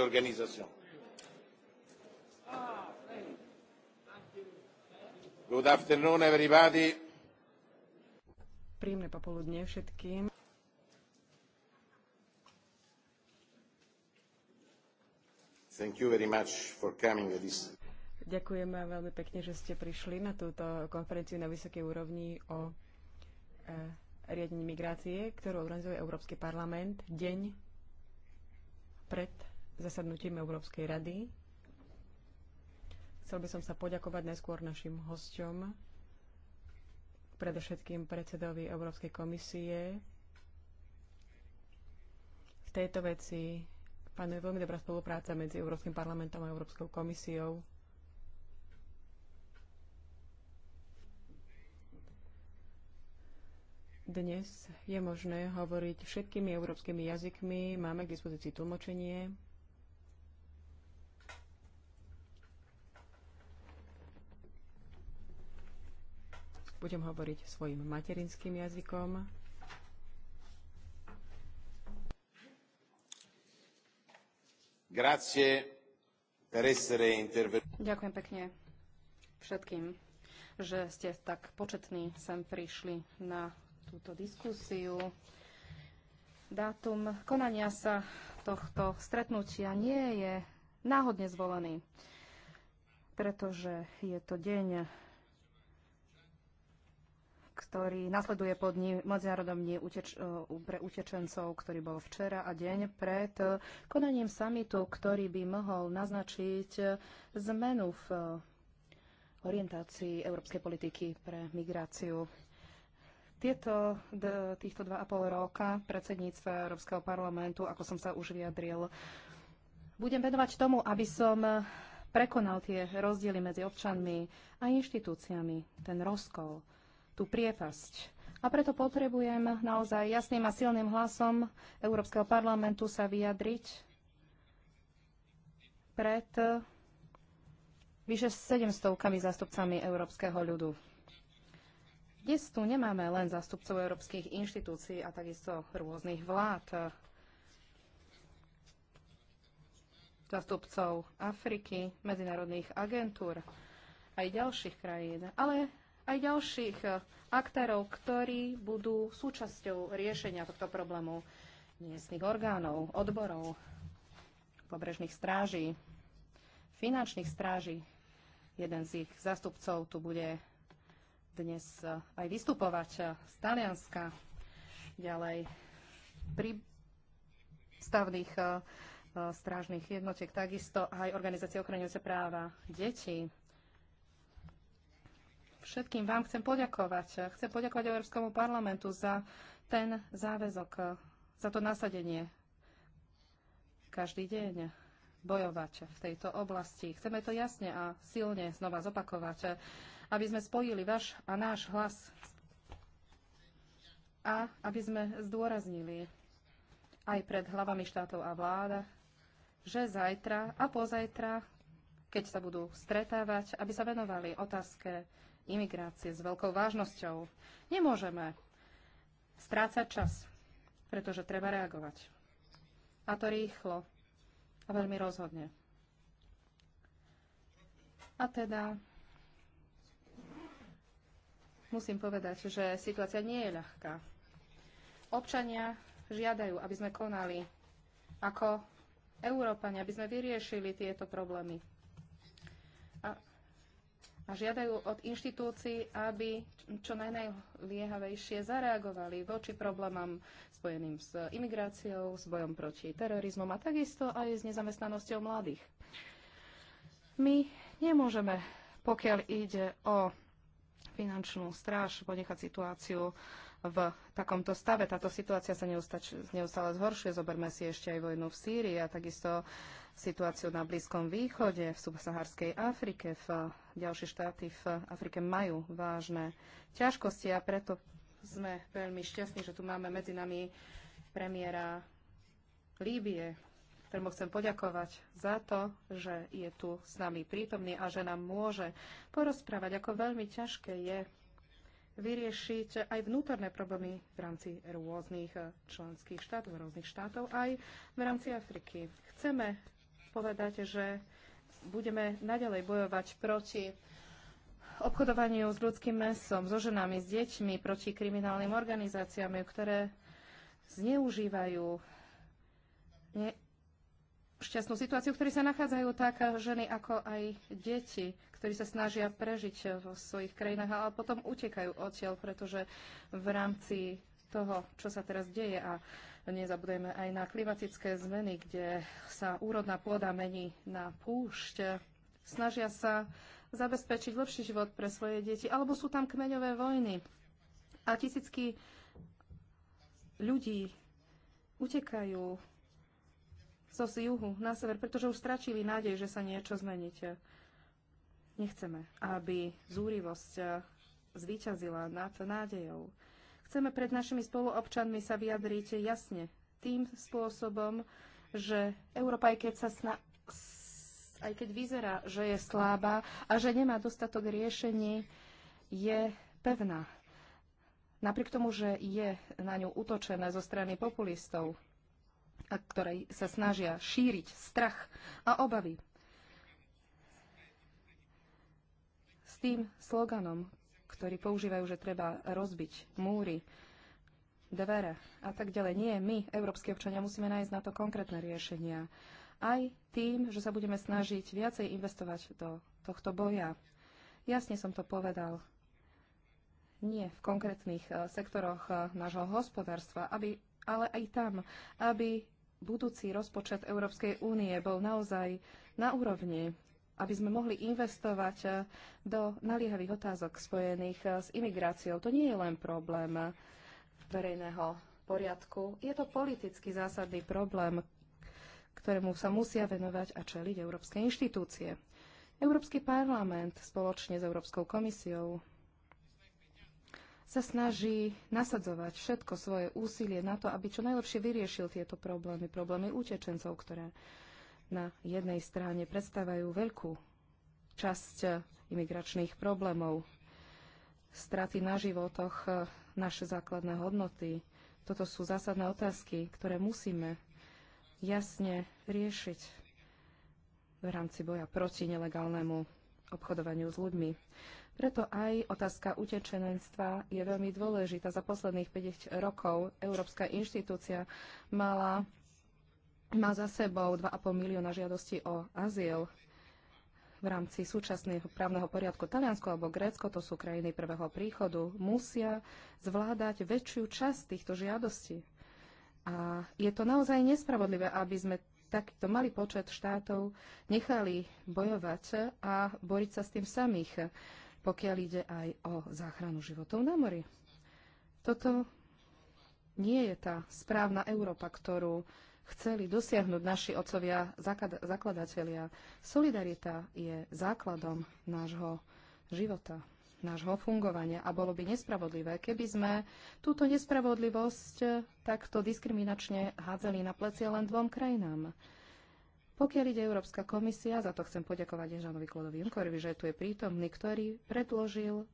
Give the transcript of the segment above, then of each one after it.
l'organisation. Good afternoon, everybody. Príjemné popoludne všetkým. Thank you very much for coming at this. Ďakujem veľmi pekne, že ste prišli na túto konferenciu na vysokej úrovni o e, riadení migrácie, ktorú organizuje Európsky parlament deň pred zasadnutím Európskej rady. Chcel by som sa poďakovať najskôr našim hosťom, predovšetkým predsedovi Európskej komisie. V tejto veci panuje veľmi dobrá spolupráca medzi Európskym parlamentom a Európskou komisiou. Dnes je možné hovoriť všetkými európskymi jazykmi, máme k dispozícii tlmočenie. Budem hovoriť svojim materinským jazykom. Ďakujem pekne všetkým, že ste tak početní sem prišli na túto diskusiu. Dátum konania sa tohto stretnutia nie je náhodne zvolený, pretože je to deň ktorý nasleduje pod ním medzinárodom dni uteč- e, pre utečencov, ktorý bol včera a deň pred e, konaním samitu, ktorý by mohol naznačiť e, zmenu v orientácii európskej politiky pre migráciu. Tieto, d- týchto pol roka predsedníctva Európskeho parlamentu, ako som sa už vyjadril, budem venovať tomu, aby som prekonal tie rozdiely medzi občanmi a inštitúciami, ten rozkol, tú priepasť. A preto potrebujem naozaj jasným a silným hlasom Európskeho parlamentu sa vyjadriť pred vyše 700 zástupcami európskeho ľudu. Dnes tu nemáme len zástupcov európskych inštitúcií a takisto rôznych vlád, zástupcov Afriky, medzinárodných agentúr aj ďalších krajín, ale aj ďalších e, aktérov, ktorí budú súčasťou riešenia tohto problému miestnych orgánov, odborov, pobrežných stráží, finančných stráží. Jeden z ich zastupcov tu bude dnes e, aj vystupovať e, z Talianska, ďalej stavných strážnych jednotiek, takisto aj organizácie ochraňujúce práva detí, Všetkým vám chcem poďakovať. Chcem poďakovať Európskomu parlamentu za ten záväzok, za to nasadenie každý deň bojovať v tejto oblasti. Chceme to jasne a silne znova zopakovať, aby sme spojili váš a náš hlas a aby sme zdôraznili aj pred hlavami štátov a vláda, že zajtra a pozajtra, keď sa budú stretávať, aby sa venovali otázke imigrácie s veľkou vážnosťou. Nemôžeme strácať čas, pretože treba reagovať. A to rýchlo a veľmi rozhodne. A teda musím povedať, že situácia nie je ľahká. Občania žiadajú, aby sme konali ako Európania, aby sme vyriešili tieto problémy. A a žiadajú od inštitúcií, aby čo najnajliehavejšie zareagovali voči problémom spojeným s imigráciou, s bojom proti terorizmom a takisto aj s nezamestnanosťou mladých. My nemôžeme, pokiaľ ide o finančnú stráž, ponechať situáciu v takomto stave. Táto situácia sa neustále zhoršuje. Zoberme si ešte aj vojnu v Sýrii a takisto situáciu na Blízkom východe, v subsaharskej Afrike. V ďalšie štáty v Afrike majú vážne ťažkosti a preto sme veľmi šťastní, že tu máme medzi nami premiéra Líbie, ktorému chcem poďakovať za to, že je tu s nami prítomný a že nám môže porozprávať, ako veľmi ťažké je vyriešiť aj vnútorné problémy v rámci rôznych eh, členských štátov, rôznych štátov, aj v rámci Afriky. Chceme povedať, že budeme naďalej bojovať proti obchodovaniu s ľudským mesom, so ženami, s deťmi, proti kriminálnym organizáciám, ktoré zneužívajú ne- šťastnú situáciu, v ktorej sa nachádzajú tak eh, ženy ako aj deti ktorí sa snažia prežiť vo svojich krajinách, ale potom utekajú odtiaľ, pretože v rámci toho, čo sa teraz deje a nezabudujeme aj na klimatické zmeny, kde sa úrodná pôda mení na púšť, snažia sa zabezpečiť lepší život pre svoje deti, alebo sú tam kmeňové vojny. A tisícky ľudí utekajú zo z juhu na sever, pretože už stračili nádej, že sa niečo zmeníte. Nechceme, aby zúrivosť eh, zvíťazila nad nádejou. Chceme pred našimi spoluobčanmi sa vyjadriť jasne tým spôsobom, že Európa, aj keď, sa sna- aj keď vyzerá, že je slába a že nemá dostatok riešení, je pevná. Napriek tomu, že je na ňu utočené zo strany populistov, ktorí ktorej sa snažia šíriť strach a obavy tým sloganom, ktorí používajú, že treba rozbiť múry, dvere a tak ďalej. Nie, my, európsky občania, musíme nájsť na to konkrétne riešenia. Aj tým, že sa budeme snažiť viacej investovať do tohto boja. Jasne som to povedal. Nie v konkrétnych e, sektoroch e, nášho hospodárstva, aby, ale aj tam, aby budúci rozpočet Európskej únie bol naozaj na úrovni aby sme mohli investovať eh, do naliehavých otázok spojených eh, s imigráciou. To nie je len problém eh, verejného poriadku, je to politicky zásadný problém, ktorému sa musia venovať a čeliť európske inštitúcie. Európsky parlament spoločne s Európskou komisiou sa snaží nasadzovať všetko svoje úsilie na to, aby čo najlepšie vyriešil tieto problémy, problémy utečencov, ktoré na jednej strane predstavajú veľkú časť eh, imigračných problémov, straty na životoch, eh, naše základné hodnoty. Toto sú zásadné otázky, ktoré musíme jasne riešiť v rámci boja proti nelegálnemu obchodovaniu s ľuďmi. Preto aj otázka utečenenstva je veľmi dôležitá. Za posledných 5 rokov Európska inštitúcia mala má za sebou 2,5 milióna žiadostí o azyl v rámci súčasného právneho poriadku Taliansko alebo Grécko, to sú krajiny prvého príchodu, musia zvládať väčšiu časť týchto žiadostí. A je to naozaj nespravodlivé, aby sme takýto malý počet štátov nechali bojovať a boriť sa s tým samých, pokiaľ ide aj o záchranu životov na mori. Toto nie je tá správna Európa, ktorú chceli dosiahnuť naši otcovia, zakladatelia. Solidarita je základom nášho života nášho fungovania a bolo by nespravodlivé, keby sme túto nespravodlivosť takto diskriminačne hádzali na plecia len dvom krajinám. Pokiaľ ide Európska komisia, za to chcem poďakovať Ježanovi Klodovi Junkorovi, že tu je prítomný, ktorý predložil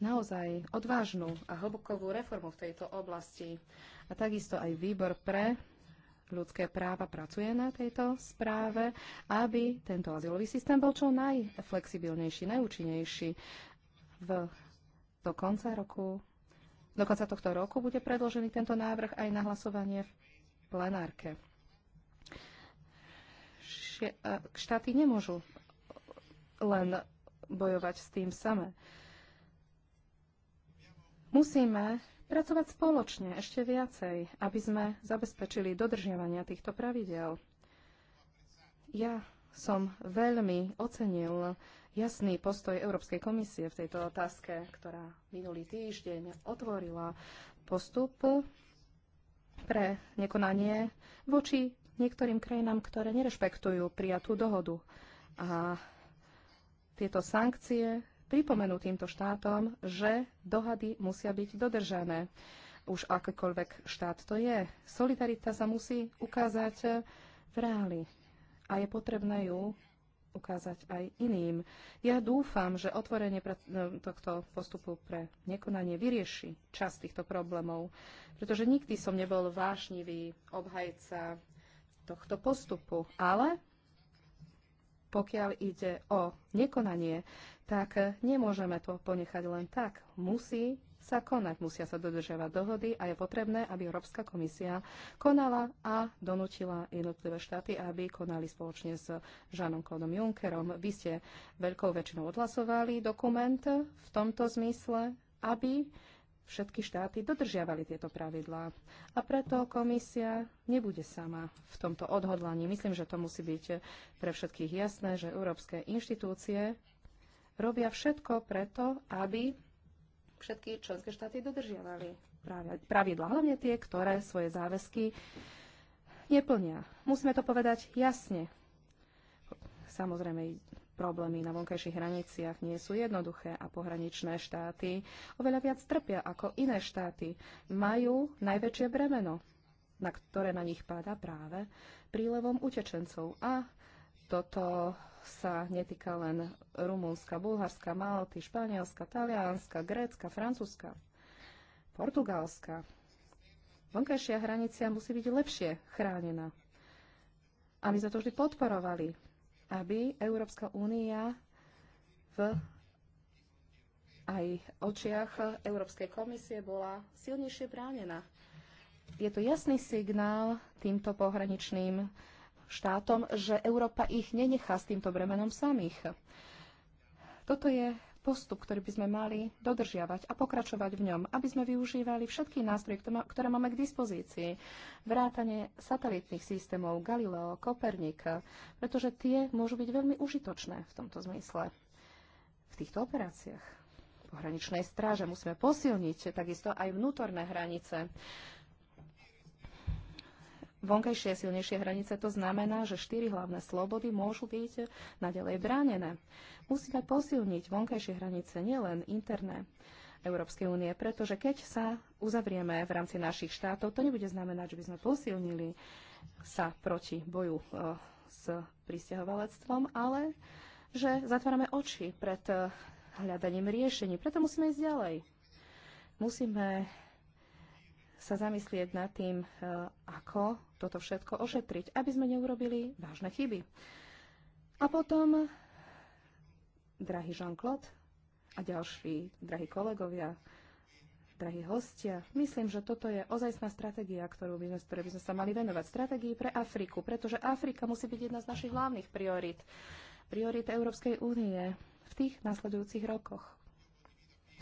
naozaj odvážnu a hlbokovú reformu v tejto oblasti. A takisto aj výbor pre ľudské práva pracuje na tejto správe, aby tento azylový systém bol čo najflexibilnejší, najúčinnejší. V, do konca roku, do konca tohto roku bude predložený tento návrh aj na hlasovanie v plenárke. E, štáty nemôžu len bojovať s tým samé. Musíme pracovať spoločne ešte viacej, aby sme zabezpečili dodržiavania týchto pravidel. Ja som veľmi ocenil jasný postoj Európskej komisie v tejto otázke, ktorá minulý týždeň otvorila postup pre nekonanie voči niektorým krajinám, ktoré nerešpektujú prijatú dohodu. A tieto sankcie pripomenú týmto štátom, že dohady musia byť dodržané. Už akýkoľvek štát to je. Solidarita sa musí ukázať v reáli a je potrebné ju ukázať aj iným. Ja dúfam, že otvorenie pre, no, tohto postupu pre nekonanie vyrieši čas týchto problémov, pretože nikdy som nebol vášnivý obhajca tohto postupu, ale pokiaľ ide o nekonanie, tak nemôžeme to ponechať len tak. Musí sa konať, musia sa dodržiavať dohody a je potrebné, aby Európska komisia konala a donútila jednotlivé štáty, aby konali spoločne s Žanom Klodom Junckerom. Vy ste veľkou väčšinou odhlasovali dokument v tomto zmysle, aby všetky štáty dodržiavali tieto pravidlá. A preto komisia nebude sama v tomto odhodlaní. Myslím, že to musí byť pre všetkých jasné, že európske inštitúcie robia všetko preto, aby všetky členské štáty dodržiavali pravidlá, hlavne tie, ktoré svoje záväzky neplnia. Musíme to povedať jasne. Samozrejme, problémy na vonkajších hraniciach nie sú jednoduché a pohraničné štáty oveľa viac trpia ako iné štáty. Majú najväčšie bremeno, na ktoré na nich páda práve prílevom utečencov. A toto sa netýka len Rumúnska, Bulharska, Malty, Španielska, Talianska, Grécka, Francúzska, Portugalska. Vonkajšia hranica musí byť lepšie chránená. A my sme to vždy podporovali aby Európska únia v aj očiach Európskej komisie bola silnejšie bránená. Je to jasný signál týmto pohraničným štátom, že Európa ich nenechá s týmto bremenom samých. Toto je postup, ktorý by sme mali dodržiavať a pokračovať v ňom, aby sme využívali všetky nástroje, ktoré máme k dispozícii. Vrátanie satelitných systémov Galileo, Kopernika, pretože tie môžu byť veľmi užitočné v tomto zmysle. V týchto operáciách pohraničnej stráže musíme posilniť takisto aj vnútorné hranice vonkajšie silnejšie hranice, to znamená, že štyri hlavné slobody môžu byť naďalej bránené. Musíme posilniť vonkajšie hranice, nielen interné. Európskej únie, pretože keď sa uzavrieme v rámci našich štátov, to nebude znamenať, že by sme posilnili sa proti boju eh, s pristahovalectvom, ale že zatvárame oči pred eh, hľadaním riešení. Preto musíme ísť ďalej. Musíme sa zamyslieť nad tým, e, ako toto všetko ošetriť, aby sme neurobili vážne chyby. A potom, drahý Jean-Claude a ďalší drahí kolegovia, drahí hostia, myslím, že toto je ozajstná stratégia, ktorú by sme, ktoré by sme sa mali venovať. Stratégii pre Afriku, pretože Afrika musí byť jedna z našich hlavných priorit. Priorit Európskej únie v tých nasledujúcich rokoch.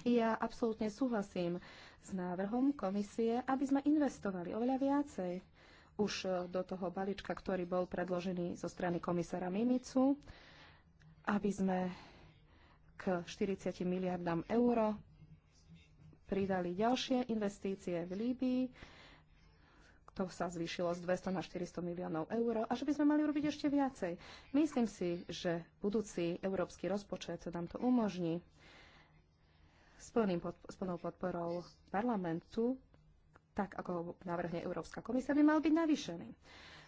Ja absolútne súhlasím s návrhom komisie, aby sme investovali oveľa viacej už e, do toho balíčka, ktorý bol predložený zo strany komisára Mimicu, aby sme k 40 miliardám eur pridali ďalšie investície v Líbii, to sa zvýšilo z 200 na 400 miliónov eur a že by sme mali urobiť ešte viacej. Myslím si, že budúci európsky rozpočet nám to umožní s, plným podp- s plnou podporou parlamentu, tak ako navrhne Európska komisia, by mal byť navýšený.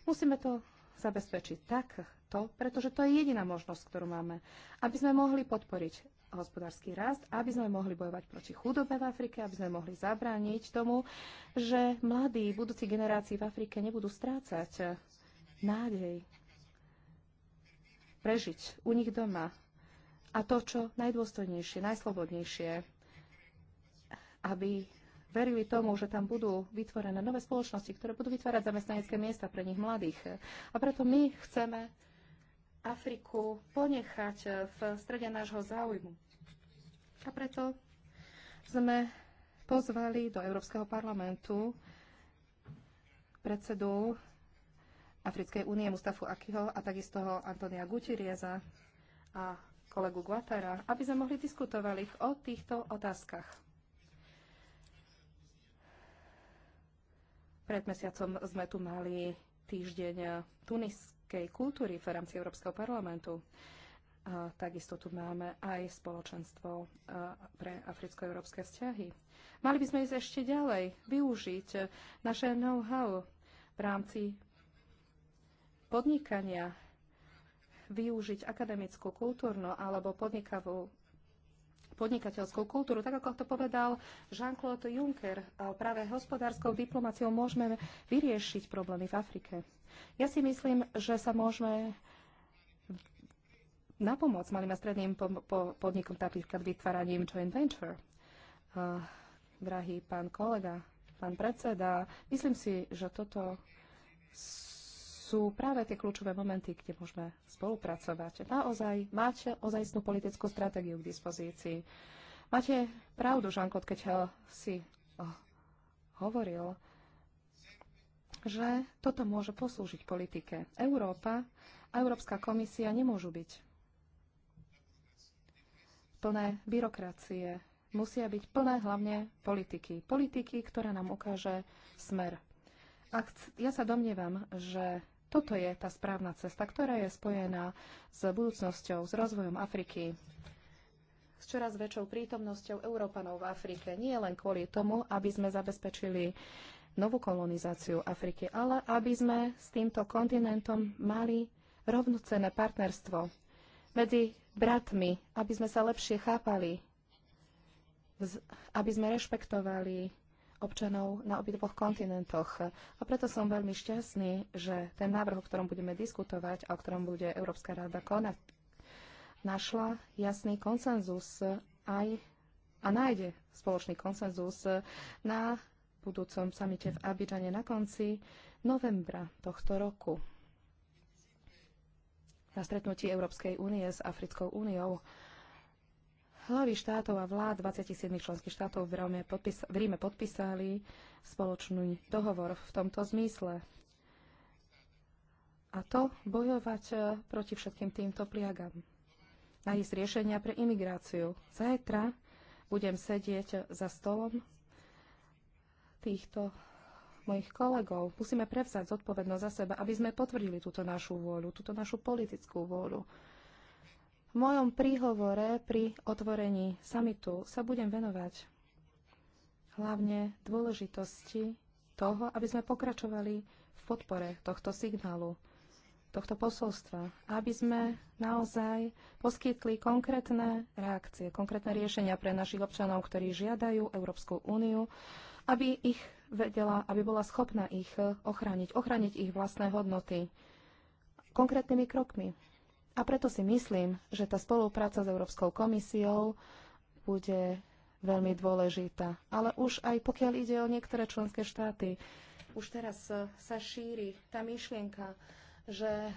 Musíme to zabezpečiť takto, pretože to je jediná možnosť, ktorú máme, aby sme mohli podporiť hospodársky rast, aby sme mohli bojovať proti chudobe v Afrike, aby sme mohli zabrániť tomu, že mladí budúci generácii v Afrike nebudú strácať nádej prežiť u nich doma a to, čo najdôstojnejšie, najslobodnejšie aby verili tomu, že tam budú vytvorené nové spoločnosti, ktoré budú vytvárať zamestnanecké miesta pre nich mladých. A preto my chceme Afriku ponechať v strede nášho záujmu. A preto sme pozvali do Európskeho parlamentu predsedu Africkej únie Mustafu Akiho a takisto Antonia Gutierreza a kolegu Guatara, aby sme mohli diskutovali o týchto otázkach Pred mesiacom sme tu mali týždeň tuniskej kultúry v rámci Európskeho parlamentu. A takisto tu máme aj spoločenstvo pre africko-európske vzťahy. Mali by sme ísť ešte ďalej, využiť naše know-how v rámci podnikania, využiť akademickú, kultúrnu alebo podnikavú podnikateľskú kultúru. Tak ako to povedal Jean-Claude Juncker, práve hospodárskou diplomáciou môžeme vyriešiť problémy v Afrike. Ja si myslím, že sa môžeme na pomoc malým a stredným podnikom napríklad vytváraním joint venture. Uh, drahý pán kolega, pán predseda, myslím si, že toto sú práve tie kľúčové momenty, kde môžeme spolupracovať. Naozaj máte ozajstnú politickú stratégiu k dispozícii. Máte pravdu, Žankot, keď eh, si oh, hovoril, že toto môže poslúžiť politike. Európa a Európska komisia nemôžu byť plné byrokracie. Musia byť plné hlavne politiky. Politiky, ktorá nám ukáže smer. Ak ja sa domnievam, že toto je tá správna cesta, ktorá je spojená s budúcnosťou, s rozvojom Afriky, s čoraz väčšou prítomnosťou Európanov v Afrike. Nie len kvôli tomu, aby sme zabezpečili novú kolonizáciu Afriky, ale aby sme s týmto kontinentom mali rovnocené partnerstvo medzi bratmi, aby sme sa lepšie chápali, aby sme rešpektovali občanov na obidvoch kontinentoch. A preto som veľmi šťastný, že ten návrh, o ktorom budeme diskutovať a o ktorom bude Európska rada konať, našla jasný konsenzus aj a nájde spoločný konsenzus na budúcom samite v Abidžane na konci novembra tohto roku. Na stretnutí Európskej únie s Africkou úniou Hlavy štátov a vlád 27 členských štátov v Ríme, podpis- v Ríme podpísali spoločný dohovor v tomto zmysle. A to bojovať e, proti všetkým týmto pliagam. Nájsť riešenia pre imigráciu. Zajtra budem sedieť za stolom týchto mojich kolegov. Musíme prevzať zodpovednosť za seba, aby sme potvrdili túto našu vôľu, túto našu politickú vôľu v mojom príhovore pri otvorení samitu sa budem venovať hlavne dôležitosti toho, aby sme pokračovali v podpore tohto signálu, tohto posolstva, aby sme naozaj poskytli konkrétne reakcie, konkrétne riešenia pre našich občanov, ktorí žiadajú Európsku úniu, aby ich vedela, aby bola schopná ich ochrániť, ochrániť ich vlastné hodnoty konkrétnymi krokmi a preto si myslím, že tá spolupráca s Európskou komisiou bude veľmi dôležitá. Ale už aj pokiaľ ide o niektoré členské štáty, už teraz e, sa šíri tá myšlienka, že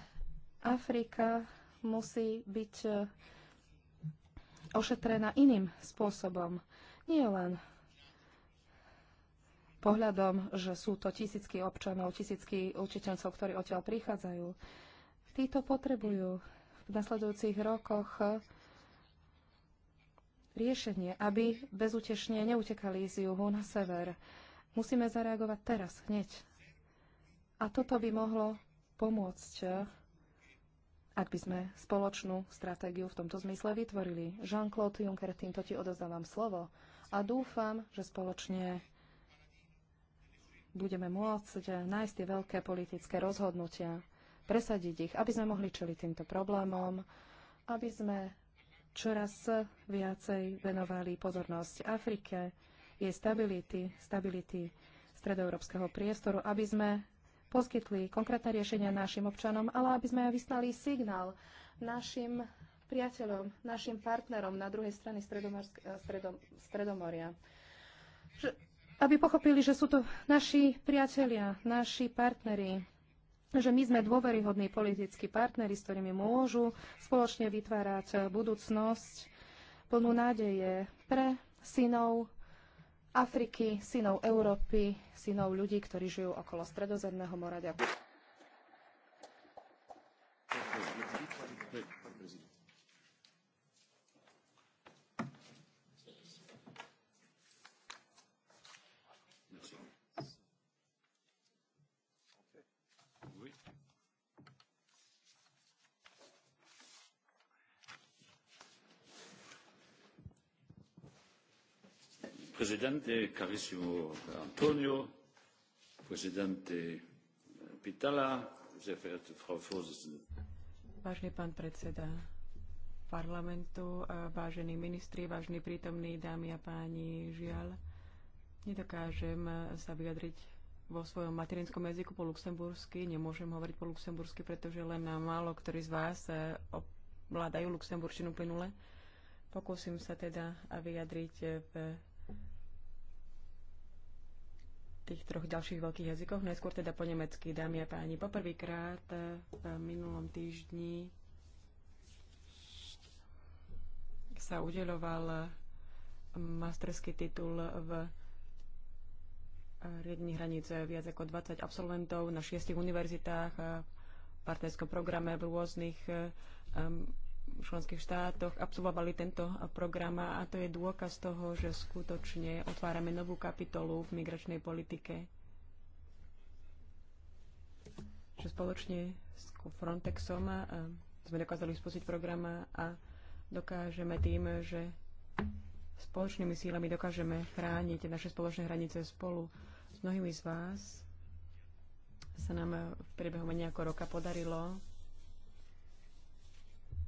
Afrika musí byť e, ošetrená iným spôsobom. Nie len pohľadom, že sú to tisícky občanov, tisícky učiteľcov, ktorí odtiaľ prichádzajú. Títo potrebujú v nasledujúcich rokoch riešenie, aby bezútešne neutekali z juhu na sever. Musíme zareagovať teraz, hneď. A toto by mohlo pomôcť, ak by sme spoločnú stratégiu v tomto zmysle vytvorili. Jean-Claude Juncker, týmto ti odozdávam slovo a dúfam, že spoločne budeme môcť nájsť tie veľké politické rozhodnutia presadiť ich, aby sme mohli čeliť týmto problémom, aby sme čoraz viacej venovali pozornosť Afrike, jej stability, stability stredoeurópskeho priestoru, aby sme poskytli konkrétne riešenia našim občanom, ale aby sme aj vyslali signál našim priateľom, našim partnerom na druhej strane eh, stredom, Stredomoria. Že, aby pochopili, že sú to naši priatelia, naši partneri, že my sme dôveryhodní politickí partneri, s ktorými môžu spoločne vytvárať eh, budúcnosť plnú nádeje pre synov Afriky, synov Európy, synov ľudí, ktorí žijú okolo Stredozemného mora. Ďakujem. Presidente, carissimo Antonio, Presidente eh, Pitala, sehr verehrte Frau Vorsitzende. Vážený pán predseda parlamentu, eh, vážení ministri, vážení prítomní dámy a páni, žiaľ, nedokážem eh, sa vyjadriť vo svojom materinskom jazyku po luxembursky. Nemôžem hovoriť po luxembursky, pretože len málo ktorí z vás ovládajú luxemburčinu plynule. Pokúsim sa teda vyjadriť v tých troch ďalších veľkých jazykoch. Najskôr teda po nemecky, dámy a páni. Poprvýkrát e, v minulom týždni sa udeloval masterský titul v e, riadení hranice viac ako 20 absolventov na šiestich univerzitách v partnerskom programe v rôznych e, členských štátoch absolvovali tento program a to je dôkaz toho, že skutočne otvárame novú kapitolu v migračnej politike. Že spoločne s Frontexom eh, sme dokázali spustiť program a dokážeme tým, že spoločnými sílami dokážeme chrániť naše spoločné hranice spolu s mnohými z vás sa nám v priebehu menej ako roka podarilo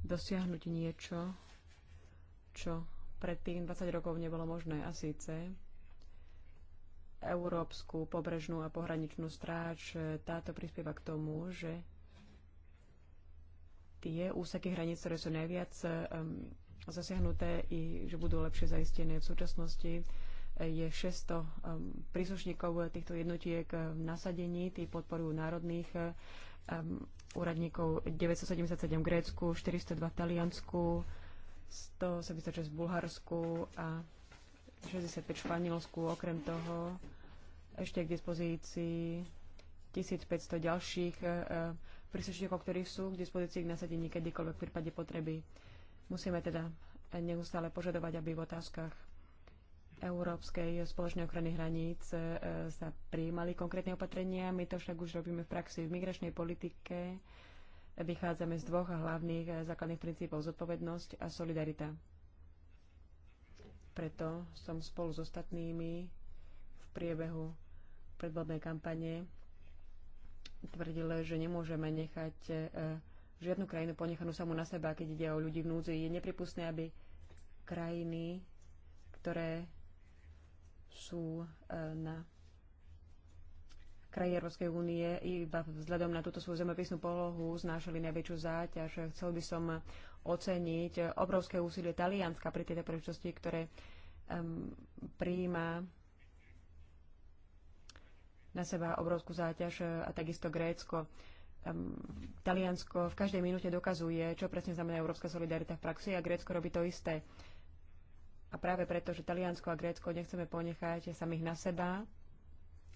dosiahnuť niečo, čo pred tým 20 rokov nebolo možné. A síce Európsku pobrežnú a pohraničnú stráž. Táto prispieva k tomu, že tie úseky hraníc, ktoré sú najviac um, zasiahnuté i že budú lepšie zaistené v súčasnosti, je 600 um, príslušníkov týchto jednotiek v nasadení, tí podporujú národných um, úradníkov, 977 v Grécku, 402 v Taliansku, 176 v Bulharsku a 65 v Španielsku. Okrem toho ešte k dispozícii 1500 ďalších e, e, príslušníkov, ktorí sú k dispozícii k nasadení kedykoľvek v prípade potreby. Musíme teda neustále požadovať, aby v otázkach Európskej spoločnej ochrany hraníc e, sa prijímali konkrétne opatrenia. My to však už robíme v praxi v migračnej politike. Vychádzame z dvoch hlavných e, základných princípov zodpovednosť a solidarita. Preto som spolu s ostatnými v priebehu predvodnej kampane tvrdil, že nemôžeme nechať e, žiadnu krajinu ponechanú samú na seba, keď ide o ľudí v núdzi. Je nepripustné, aby krajiny, ktoré sú e, na kraji Európskej únie iba vzhľadom na túto svoju zemepisnú polohu znášali najväčšiu záťaž. Chcel by som oceniť obrovské úsilie Talianska pri tejto príležitosti, ktoré um, prijíma na seba obrovskú záťaž a takisto Grécko. Um, Taliansko v každej minúte dokazuje, čo presne znamená európska solidarita v praxi a Grécko robí to isté. A práve preto, že Taliansko a Grécko nechceme ponechať samých na seba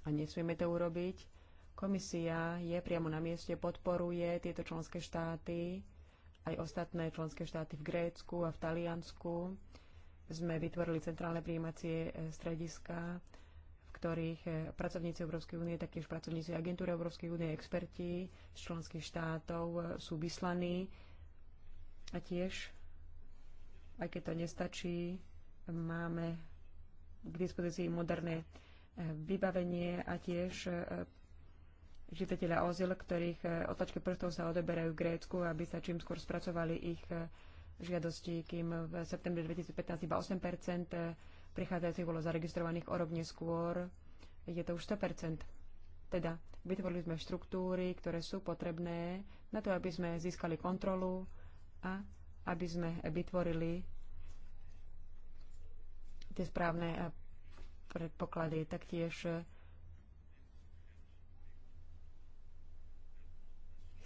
a nesmieme to urobiť, komisia je priamo na mieste, podporuje tieto členské štáty, aj ostatné členské štáty v Grécku a v Taliansku. Sme vytvorili centrálne príjímacie e, strediska, v ktorých e, pracovníci Európskej únie, taktiež pracovníci agentúry Európskej únie, experti z členských štátov e, sú vyslaní a tiež, aj keď to nestačí, Máme k dispozícii moderné eh, vybavenie a tiež eh, žiadateľa ozil, ktorých eh, otlačky prstov sa odeberajú v Grécku, aby sa čím skôr spracovali ich žiadosti, kým v septembri 2015 iba 8 prichádzajúcich bolo zaregistrovaných o rok neskôr. Je to už 100 Teda vytvorili sme štruktúry, ktoré sú potrebné na to, aby sme získali kontrolu a aby sme vytvorili tie správne eh, predpoklady. Taktiež eh,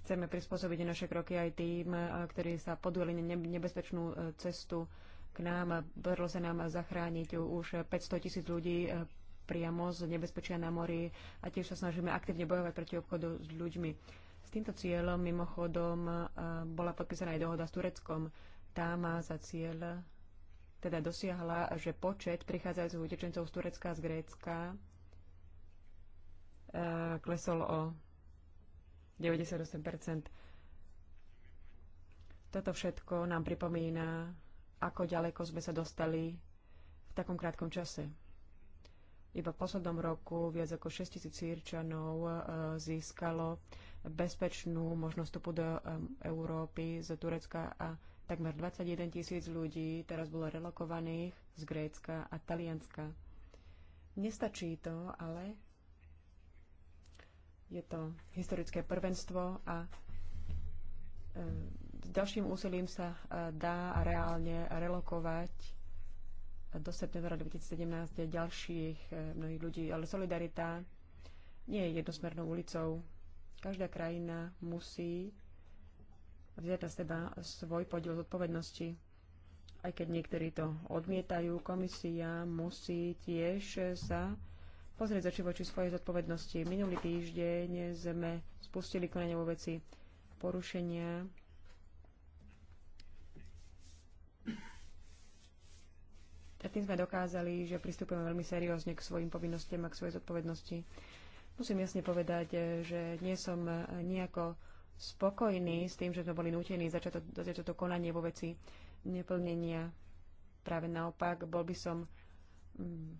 chceme prispôsobiť naše kroky aj tým, eh, ktorí sa podujeli nebezpečnú cestu k nám. Podarilo sa nám zachrániť už 500 tisíc ľudí priamo z nebezpečia na mori a tiež sa snažíme aktívne bojovať proti obchodu s ľuďmi. S týmto cieľom mimochodom bola podpísaná aj dohoda s Tureckom. Tá má za cieľ teda dosiahla, že počet prichádzajúcich utečencov z Turecka a z Grécka eh, klesol o 98 Toto všetko nám pripomína, ako ďaleko sme sa dostali v takom krátkom čase. Iba v poslednom roku viac ako 6 tisíc Sýrčanov eh, získalo bezpečnú možnosť vstupu do eh, Európy z Turecka a Takmer 21 tisíc ľudí teraz bolo relokovaných z Grécka a Talianska. Nestačí to, ale je to historické prvenstvo a e, s ďalším úsilím sa e, dá reálne relokovať do septembra 2017 ďalších e, mnohých ľudí, ale solidarita nie je jednosmernou ulicou. Každá krajina musí vziať na seba svoj podiel zodpovednosti. Aj keď niektorí to odmietajú, komisia musí tiež sa pozrieť zači voči svojej zodpovednosti. Minulý týždeň sme spustili konanie vo veci porušenia A tým sme dokázali, že pristupujeme veľmi seriózne k svojim povinnostiam a k svojej zodpovednosti. Musím jasne povedať, že nie som nejako spokojní s tým, že sme boli nútení začať to, začať toto konanie vo veci neplnenia. Práve naopak, bol by som mm,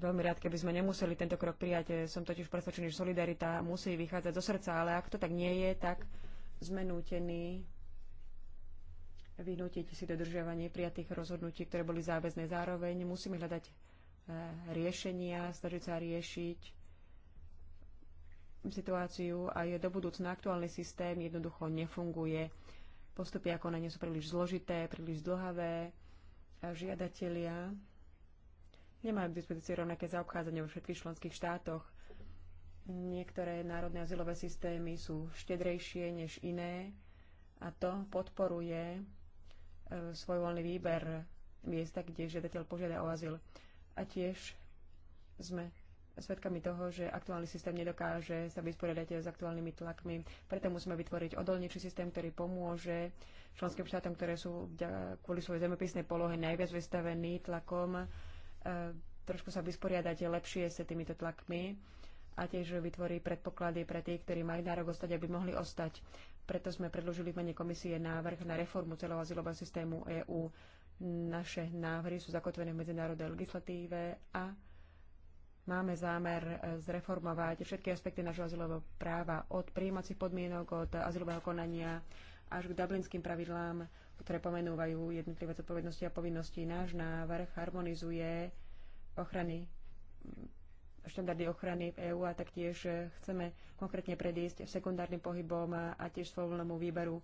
veľmi rád, keby sme nemuseli tento krok prijať. Som totiž presvedčený, že solidarita musí vychádzať zo srdca, ale ak to tak nie je, tak sme nútení vynútiť si dodržiavanie prijatých rozhodnutí, ktoré boli záväzné. Zároveň musíme hľadať e, riešenia, snažiť sa riešiť situáciu a je do budúcna aktuálny systém jednoducho nefunguje. Postupy ako na ne sú príliš zložité, príliš dlhavé a žiadatelia nemajú k dispozícii rovnaké zaobchádzanie vo všetkých členských štátoch. Niektoré národné azylové systémy sú štedrejšie než iné a to podporuje e, svoj voľný výber miesta, kde žiadateľ požiada o azyl. A tiež sme svedkami toho, že aktuálny systém nedokáže sa vysporiadať s aktuálnymi tlakmi. Preto musíme vytvoriť odolnejší systém, ktorý pomôže členským štátom, ktoré sú kvôli svojej zemepisnej polohe najviac vystavení tlakom, e, trošku sa vysporiadať lepšie s týmito tlakmi a tiež vytvorí predpoklady pre tých, ktorí majú nárok ostať, aby mohli ostať. Preto sme predložili v mene komisie návrh na reformu celého azylového systému EÚ. Naše návrhy sú zakotvené v medzinárodnej legislatíve a Máme zámer e, zreformovať všetky aspekty našho azylového práva od príjímacích podmienok, od azylového konania až k dublinským pravidlám, ktoré pomenúvajú jednotlivé zodpovednosti a povinnosti. Náš návrh harmonizuje ochrany mm, štandardy ochrany v EÚ a taktiež chceme konkrétne predísť sekundárnym pohybom a tiež svojvoľnému výberu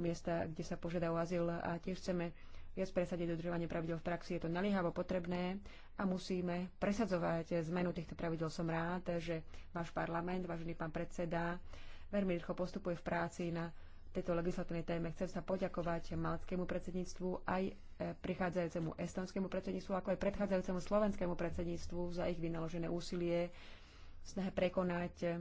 miesta, kde sa požiada o azyl a tiež chceme viac presadiť dodržovanie pravidel v praxi. Je to naliehavo potrebné a musíme presadzovať zmenu týchto pravidel. Som rád, že váš parlament, vážený pán predseda, veľmi rýchlo postupuje v práci na tejto legislatívnej téme. Chcem sa poďakovať malckému predsedníctvu, aj e, prichádzajúcemu estonskému predsedníctvu, ako aj predchádzajúcemu slovenskému predsedníctvu za ich vynaložené úsilie snahe prekonať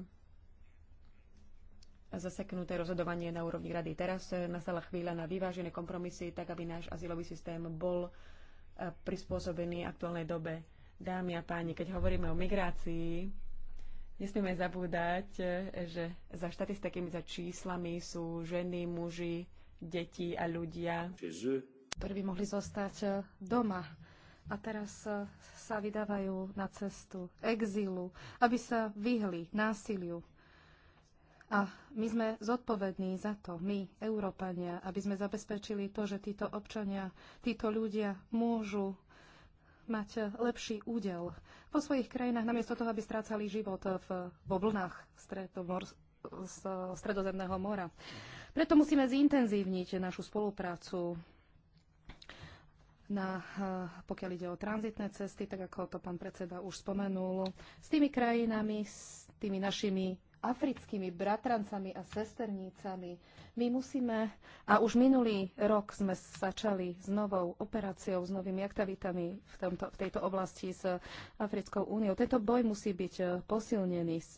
zaseknuté rozhodovanie na úrovni rady. Teraz eh, nastala chvíľa na vyvážené kompromisy, tak aby náš azylový systém bol eh, prispôsobený aktuálnej dobe. Dámy a páni, keď hovoríme o migrácii, nesmieme zabúdať, eh, že za štatistikami, za číslami sú ženy, muži, deti a ľudia, ktorí by mohli zostať doma a teraz sa vydávajú na cestu exílu, aby sa vyhli násiliu, a my sme zodpovední za to, my, Európania, aby sme zabezpečili to, že títo občania, títo ľudia môžu mať lepší údel vo svojich krajinách, namiesto toho, aby strácali život v, vo vlnách z Stredozemného mora. Preto musíme zintenzívniť našu spoluprácu na, eh, pokiaľ ide o tranzitné cesty, tak ako to pán predseda už spomenul, s tými krajinami, s tými našimi africkými bratrancami a sesternicami. My musíme, a už minulý rok sme začali s novou operáciou, s novými aktivitami v, tomto, v tejto oblasti s Africkou úniou. Tento boj musí byť posilnený s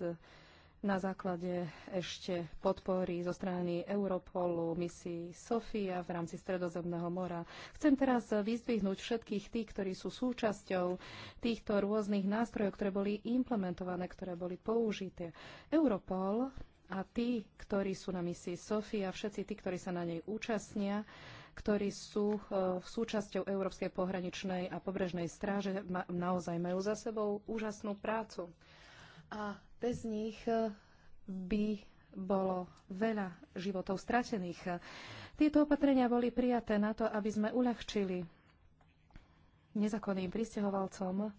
na základe ešte podpory zo strany Europolu, misií Sofia v rámci Stredozemného mora. Chcem teraz vyzdvihnúť všetkých tých, ktorí sú súčasťou týchto rôznych nástrojov, ktoré boli implementované, ktoré boli použité. Europol a tí, ktorí sú na misii Sofia, všetci tí, ktorí sa na nej účastnia, ktorí sú v e, súčasťou Európskej pohraničnej a pobrežnej stráže, naozaj majú za sebou úžasnú prácu. A bez nich e, by bolo veľa životov stratených. Tieto opatrenia boli prijaté na to, aby sme uľahčili nezákonným pristahovalcom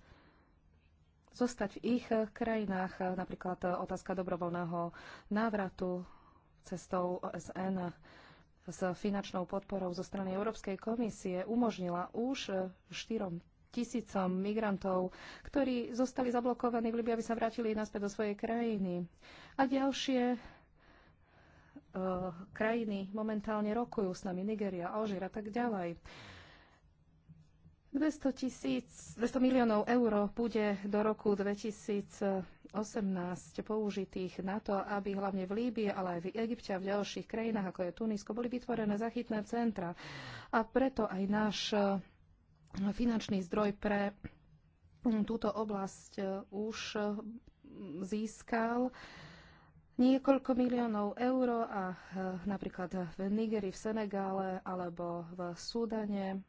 zostať v ich krajinách, e, napríklad e, otázka dobrovoľného návratu cestou OSN s finančnou podporou zo strany Európskej komisie umožnila už štyrom tisícom migrantov, ktorí zostali zablokovaní v Libii, aby sa vrátili naspäť do svojej krajiny. A ďalšie e, krajiny momentálne rokujú s nami, Nigeria, Alžír a tak ďalej. 200, tisíc, 200 miliónov eur bude do roku 2018 použitých na to, aby hlavne v Líbie, ale aj v Egypte a v ďalších krajinách, ako je Tunisko, boli vytvorené zachytné centra. A preto aj náš finančný zdroj pre mm, túto oblasť e, už e, získal niekoľko miliónov eur a e, napríklad v Nigeri, v Senegále alebo v Súdane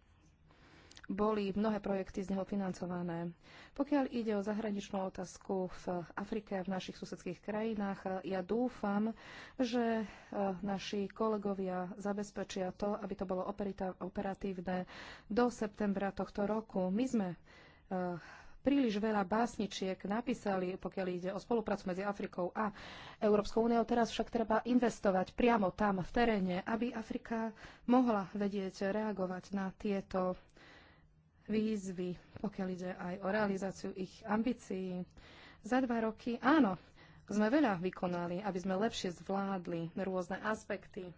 boli mnohé projekty z neho financované. Pokiaľ ide o zahraničnú otázku v Afrike, v našich susedských krajinách, ja dúfam, že e, naši kolegovia zabezpečia to, aby to bolo operatívne do septembra tohto roku. My sme e, príliš veľa básničiek napísali, pokiaľ ide o spoluprácu medzi Afrikou a Európskou úniou. Teraz však treba investovať priamo tam, v teréne, aby Afrika mohla vedieť reagovať na tieto výzvy, pokiaľ ide aj o realizáciu ich ambícií. Za dva roky, áno, sme veľa vykonali, aby sme lepšie zvládli rôzne aspekty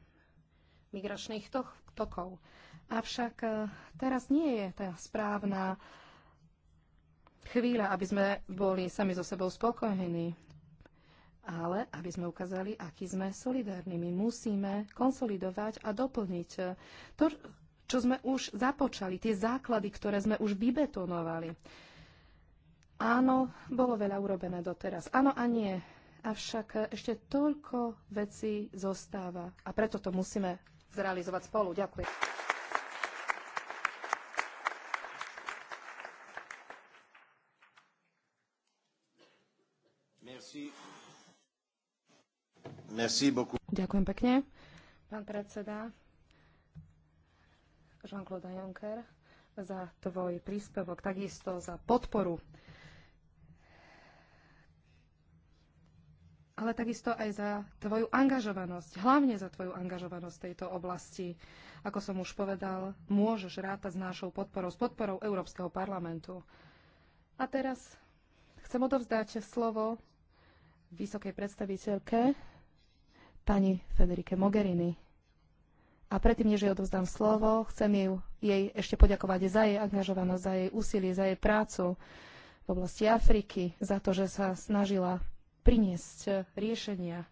migračných to tokov. Avšak eh, teraz nie je tá správna chvíľa, aby sme boli sami so sebou spokojení, ale aby sme ukázali, aký sme solidárni. My musíme konsolidovať a doplniť eh, to, čo sme už započali, tie základy, ktoré sme už vybetonovali. Áno, bolo veľa urobené doteraz. Áno a nie. Avšak ešte toľko vecí zostáva a preto to musíme zrealizovať spolu. Ďakujem. Merci. Merci beaucoup. Ďakujem pekne, pán predseda. Jean-Claude Juncker, za tvoj príspevok, takisto za podporu, ale takisto aj za tvoju angažovanosť, hlavne za tvoju angažovanosť v tejto oblasti. Ako som už povedal, môžeš rátať s našou podporou, s podporou Európskeho parlamentu. A teraz chcem odovzdať slovo vysokej predstaviteľke pani Federike Mogherini. A predtým, než jej odovzdám slovo, chcem jej, jej ešte poďakovať za jej angažovanosť, za jej úsilie, za jej prácu v oblasti Afriky, za to, že sa snažila priniesť riešenia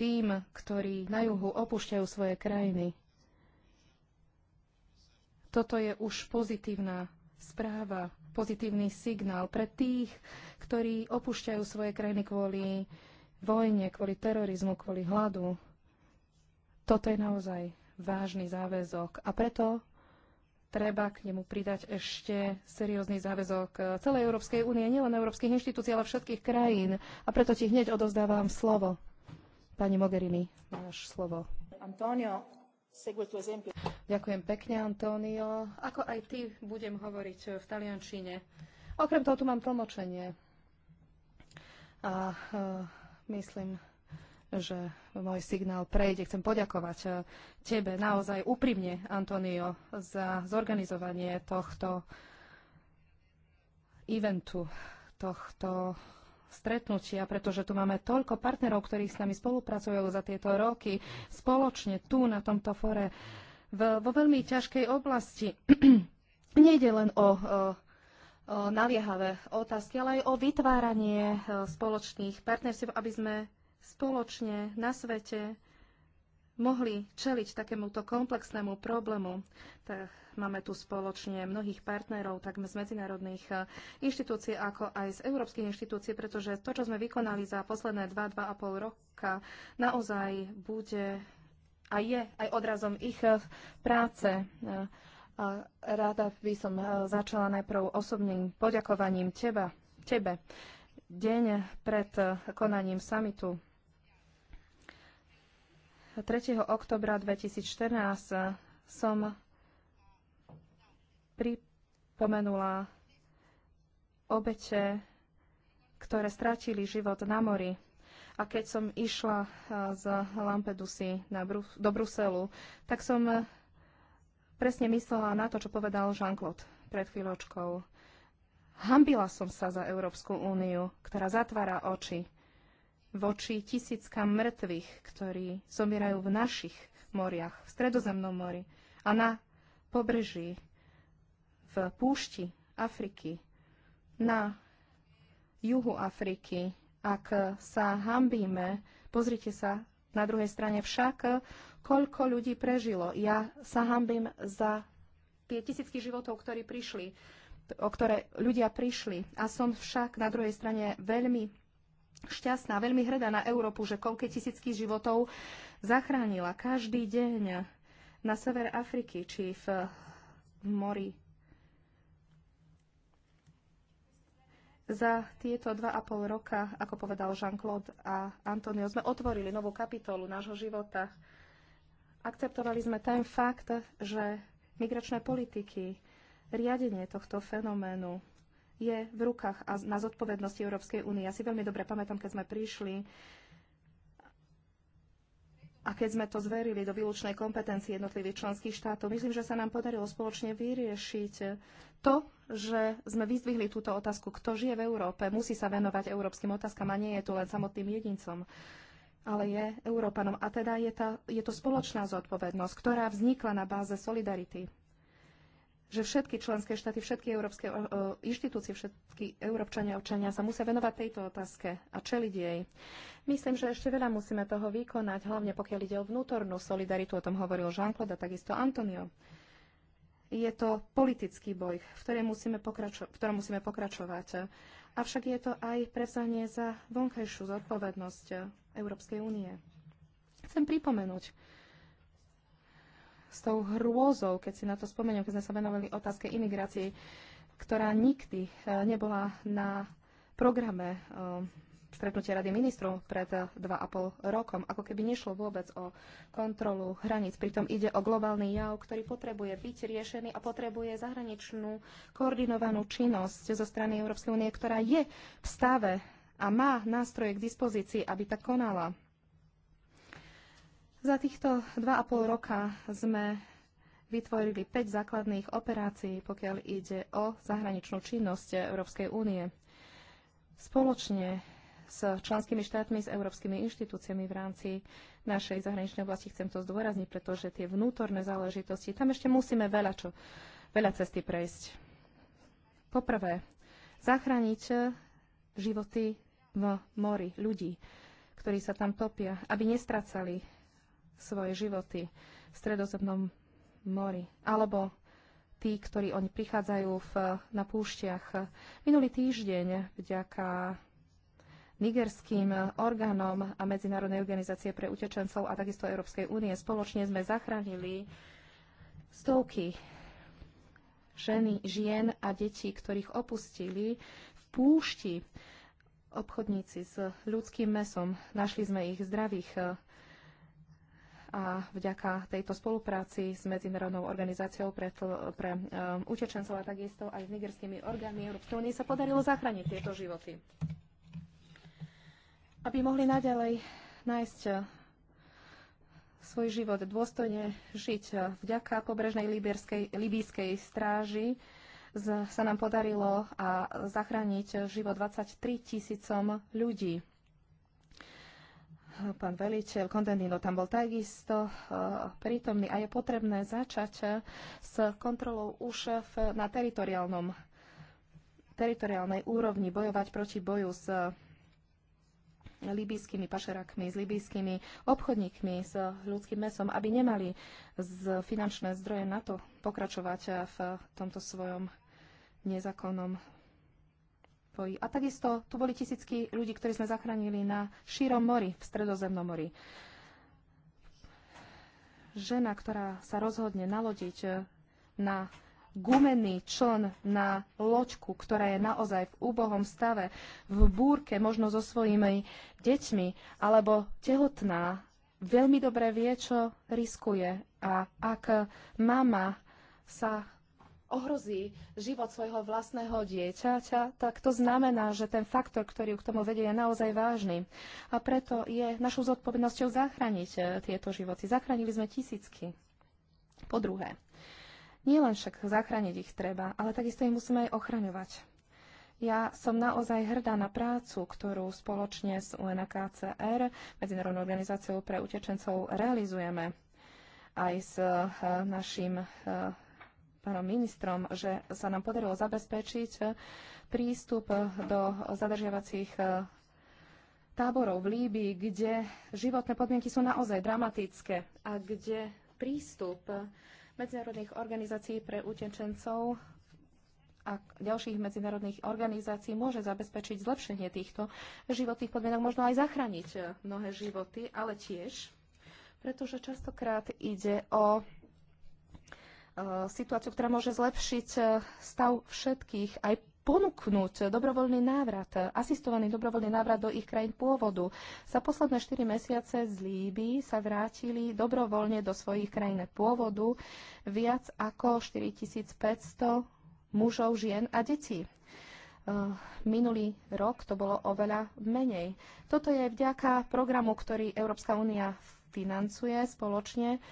tým, ktorí na juhu opúšťajú svoje krajiny. Toto je už pozitívna správa, pozitívny signál pre tých, ktorí opúšťajú svoje krajiny kvôli vojne, kvôli terorizmu, kvôli hladu. Toto je naozaj vážny záväzok a preto treba k nemu pridať ešte seriózny záväzok celej Európskej únie, nielen európskych inštitúcií, ale všetkých krajín. A preto ti hneď odovzdávam slovo. Pani Mogherini, máš slovo. Antonio, Ďakujem pekne, Antonio. Ako aj ty budem hovoriť v taliančine. Okrem toho tu mám tlmočenie. A, eh, myslím, že môj signál prejde. Chcem poďakovať eh, tebe naozaj úprimne, Antonio, za zorganizovanie tohto eventu, tohto stretnutia, pretože tu máme toľko partnerov, ktorí s nami spolupracujú za tieto roky spoločne tu na tomto fore v, vo veľmi ťažkej oblasti. Nejde len o, o eh, naliehavé otázky, ale aj o vytváranie e, spoločných partnerstiev, aby sme spoločne na svete mohli čeliť takémuto komplexnému problému. Tak máme tu spoločne mnohých partnerov, tak z medzinárodných e, inštitúcií, ako aj z európskych inštitúcií, pretože to, čo sme vykonali za posledné 2-2,5 roka, naozaj bude a je aj odrazom ich e, práce ráda by som e, začala najprv osobným poďakovaním teba, tebe. Deň pred e, konaním samitu 3. oktobra 2014 e, som pripomenula obete, ktoré strátili život na mori. A keď som išla z Lampedusy na Bru- do Bruselu, tak som presne myslela na to, čo povedal Jean-Claude pred chvíľočkou. Hambila som sa za Európsku úniu, ktorá zatvára oči voči tisíckam mŕtvych, ktorí zomierajú v našich moriach, v Stredozemnom mori a na pobreží, v púšti Afriky, na juhu Afriky. Ak sa hambíme, pozrite sa na druhej strane však, koľko ľudí prežilo. Ja sa hambím za tie tisícky životov, ktorí prišli, o ktoré ľudia prišli. A som však na druhej strane veľmi šťastná, veľmi hrdá na Európu, že koľko tisícky životov zachránila každý deň na sever Afriky či v, v mori za tieto dva a pol roka, ako povedal Jean-Claude a Antonio, sme otvorili novú kapitolu nášho života akceptovali sme ten fakt, že migračné politiky, riadenie tohto fenoménu je v rukách a na zodpovednosti Európskej únie. Ja si veľmi dobre pamätám, keď sme prišli a keď sme to zverili do výlučnej kompetencie jednotlivých členských štátov, myslím, že sa nám podarilo spoločne vyriešiť to, že sme vyzdvihli túto otázku, kto žije v Európe, musí sa venovať európskym otázkam a nie je tu len samotným jedincom ale je Európanom. A teda je, tá, je to spoločná zodpovednosť, ktorá vznikla na báze solidarity. Že všetky členské štáty, všetky európske uh, inštitúcie, všetky európčania občania sa musia venovať tejto otázke a čeliť jej. Myslím, že ešte veľa musíme toho vykonať, hlavne pokiaľ ide o vnútornú solidaritu, o tom hovoril Jean-Claude a takisto Antonio. Je to politický boj, v ktorom musíme, pokračo- v ktorom musíme pokračovať. Avšak je to aj prevzanie za vonkajšiu zodpovednosť Európskej únie. Chcem pripomenúť s tou hrôzou, keď si na to spomeniem, keď sme sa venovali otázke imigrácie, ktorá nikdy e, nebola na programe e, stretnutia Rady ministrov pred 2,5 e, rokom, ako keby nešlo vôbec o kontrolu hraníc. Pritom ide o globálny jav, ktorý potrebuje byť riešený a potrebuje zahraničnú koordinovanú činnosť zo strany Európskej únie, ktorá je v stave a má nástroje k dispozícii, aby tak konala. Za týchto 2,5 roka sme vytvorili 5 základných operácií, pokiaľ ide o zahraničnú činnosť Európskej únie. Spoločne s členskými štátmi, s európskymi inštitúciami v rámci našej zahraničnej oblasti chcem to zdôrazniť, pretože tie vnútorné záležitosti, tam ešte musíme veľa, čo, veľa cesty prejsť. Poprvé, zachrániť životy v mori ľudí, ktorí sa tam topia, aby nestracali svoje životy v stredozemnom mori. Alebo tí, ktorí oni prichádzajú v, na púšťach. Minulý týždeň vďaka nigerským orgánom a Medzinárodnej organizácie pre utečencov a takisto Európskej únie spoločne sme zachránili stovky ženy, žien a detí, ktorých opustili v púšti obchodníci s ľudským mesom. Našli sme ich zdravých a vďaka tejto spolupráci s Medzinárodnou organizáciou pre, tl, pre um, utečencov a takisto aj s nigerskými orgánmi Európskej únie sa podarilo zachrániť tieto životy. Aby mohli naďalej nájsť uh, svoj život dôstojne žiť uh, vďaka pobrežnej libierskej, libijskej stráži, sa nám podarilo a zachrániť život 23 tisícom ľudí. Pán veliteľ Kondendino tam bol takisto e, prítomný a je potrebné začať e, s kontrolou už na teritoriálnom teritoriálnej úrovni bojovať proti boju s e, libijskými pašerakmi, s libijskými obchodníkmi, s ľudským mesom, aby nemali z finančné zdroje na to pokračovať v tomto svojom nezákonnom A takisto tu boli tisícky ľudí, ktorí sme zachránili na šírom mori, v stredozemnom mori. Žena, ktorá sa rozhodne nalodiť e, na gumený čln na loďku, ktorá je naozaj v úbohom stave, v búrke, možno so svojimi deťmi, alebo tehotná, veľmi dobre vie, čo riskuje. A ak mama sa ohrozí život svojho vlastného dieťaťa, tak to znamená, že ten faktor, ktorý k tomu vedie, je naozaj vážny. A preto je našou zodpovednosťou zachrániť eh, tieto životy. Zachránili sme tisícky. Po druhé, len však zachrániť ich treba, ale takisto ich musíme aj ochraňovať. Ja som naozaj hrdá na prácu, ktorú spoločne s UNHCR, Medzinárodnou organizáciou pre utečencov, realizujeme aj s eh, našim eh, pánom ministrom, že sa nám podarilo zabezpečiť prístup do zadržiavacích e, táborov v Líbii, kde životné podmienky sú naozaj dramatické a kde prístup medzinárodných organizácií pre utečencov a ďalších medzinárodných organizácií môže zabezpečiť zlepšenie týchto životných podmienok, možno aj zachrániť mnohé životy, ale tiež, pretože častokrát ide o Eh, situáciu, ktorá môže zlepšiť eh, stav všetkých, aj ponúknuť dobrovoľný návrat, asistovaný dobrovoľný návrat do ich krajín pôvodu. Za posledné 4 mesiace z Líby sa vrátili dobrovoľne do svojich krajín pôvodu viac ako 4500 mužov, žien a detí. Eh, minulý rok to bolo oveľa menej. Toto je vďaka programu, ktorý Európska únia financuje spoločne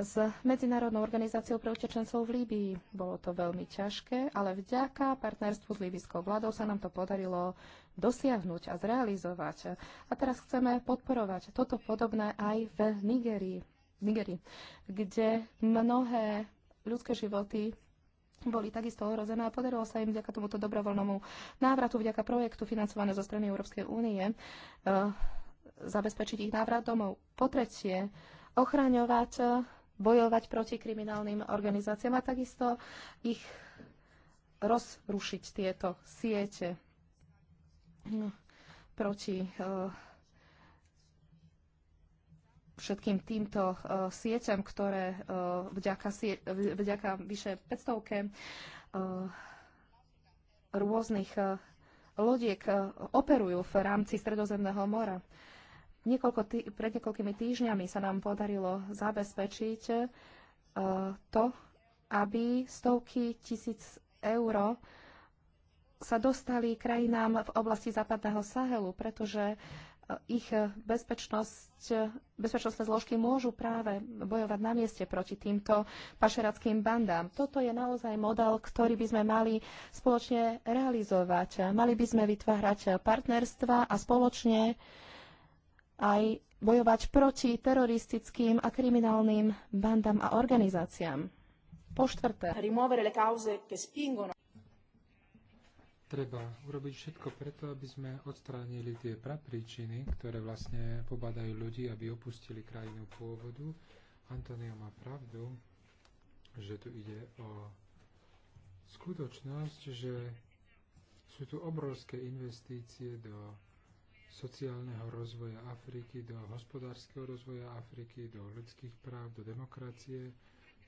s Medzinárodnou organizáciou pre utečencov v Líbii. Bolo to veľmi ťažké, ale vďaka partnerstvu s líbyskou vládou sa nám to podarilo dosiahnuť a zrealizovať. A teraz chceme podporovať toto podobné aj v Nigerii, Nigerii kde mnohé ľudské životy boli takisto ohrozené a podarilo sa im vďaka tomuto dobrovoľnomu návratu, vďaka projektu financované zo strany Európskej únie, eh, zabezpečiť ich návrat domov. Po tretie, ochraňovať eh, bojovať proti kriminálnym organizáciám a takisto ich rozrušiť tieto siete hm, proti eh, všetkým týmto uh, sieťam, ktoré uh, vďaka, sie- vďaka vyše 500 uh, rôznych uh, lodiek uh, operujú v rámci Stredozemného mora niekoľko tý, pred niekoľkými týždňami sa nám podarilo zabezpečiť uh, to, aby stovky tisíc eur sa dostali krajinám v oblasti západného Sahelu, pretože e, ich bezpečnosť, bezpečnostné zložky môžu práve bojovať na mieste proti týmto pašerackým bandám. Toto je naozaj model, ktorý by sme mali spoločne realizovať. Mali by sme vytvárať partnerstva a spoločne uh, aj bojovať proti teroristickým a kriminálnym bandám a organizáciám. Po štvrté. Treba urobiť všetko preto, aby sme odstránili tie prapríčiny, ktoré vlastne pobadajú ľudí, aby opustili krajinu pôvodu. Antonio má pravdu, že tu ide o skutočnosť, že sú tu obrovské investície do sociálneho rozvoja Afriky, do hospodárskeho rozvoja Afriky, do ľudských práv, do demokracie.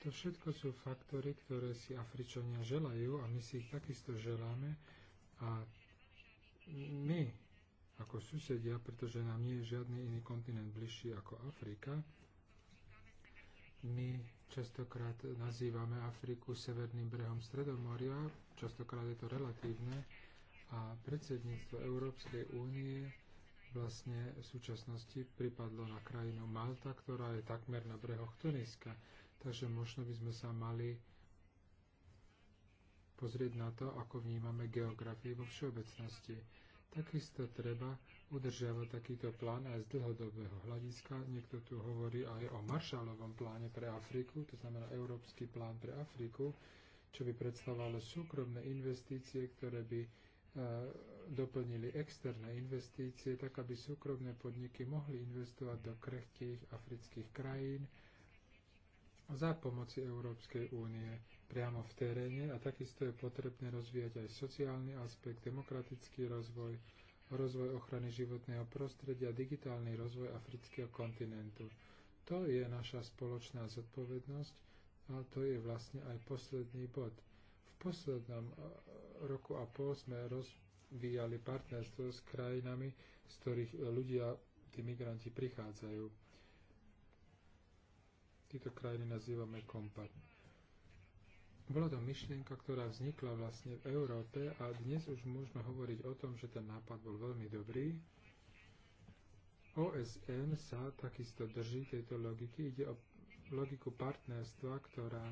To všetko sú faktory, ktoré si Afričania želajú a my si ich takisto želáme. A my, ako susedia, pretože nám nie je žiadny iný kontinent bližší ako Afrika, my častokrát nazývame Afriku severným brehom Stredomoria, častokrát je to relatívne, a predsedníctvo Európskej únie vlastne v súčasnosti pripadlo na krajinu Malta, ktorá je takmer na brehoch Tuniska. Takže možno by sme sa mali pozrieť na to, ako vnímame geografiu vo všeobecnosti. Takisto treba udržiavať takýto plán aj z dlhodobého hľadiska. Niekto tu hovorí aj o Marshallovom pláne pre Afriku, to znamená Európsky plán pre Afriku, čo by predstavovalo súkromné investície, ktoré by eh, doplnili externé investície, tak aby súkromné podniky mohli investovať do krehkých afrických krajín za pomoci Európskej únie priamo v teréne a takisto je potrebné rozvíjať aj sociálny aspekt, demokratický rozvoj, rozvoj ochrany životného prostredia, digitálny rozvoj afrického kontinentu. To je naša spoločná zodpovednosť a to je vlastne aj posledný bod. V poslednom eh, roku a pol sme roz, vyjali partnerstvo s krajinami, z ktorých e, ľudia, tí migranti prichádzajú. Tieto krajiny nazývame kompakt. Bola to myšlienka, ktorá vznikla vlastne v Európe a dnes už môžeme hovoriť o tom, že ten nápad bol veľmi dobrý. OSN sa takisto drží tejto logiky. Ide o logiku partnerstva, ktorá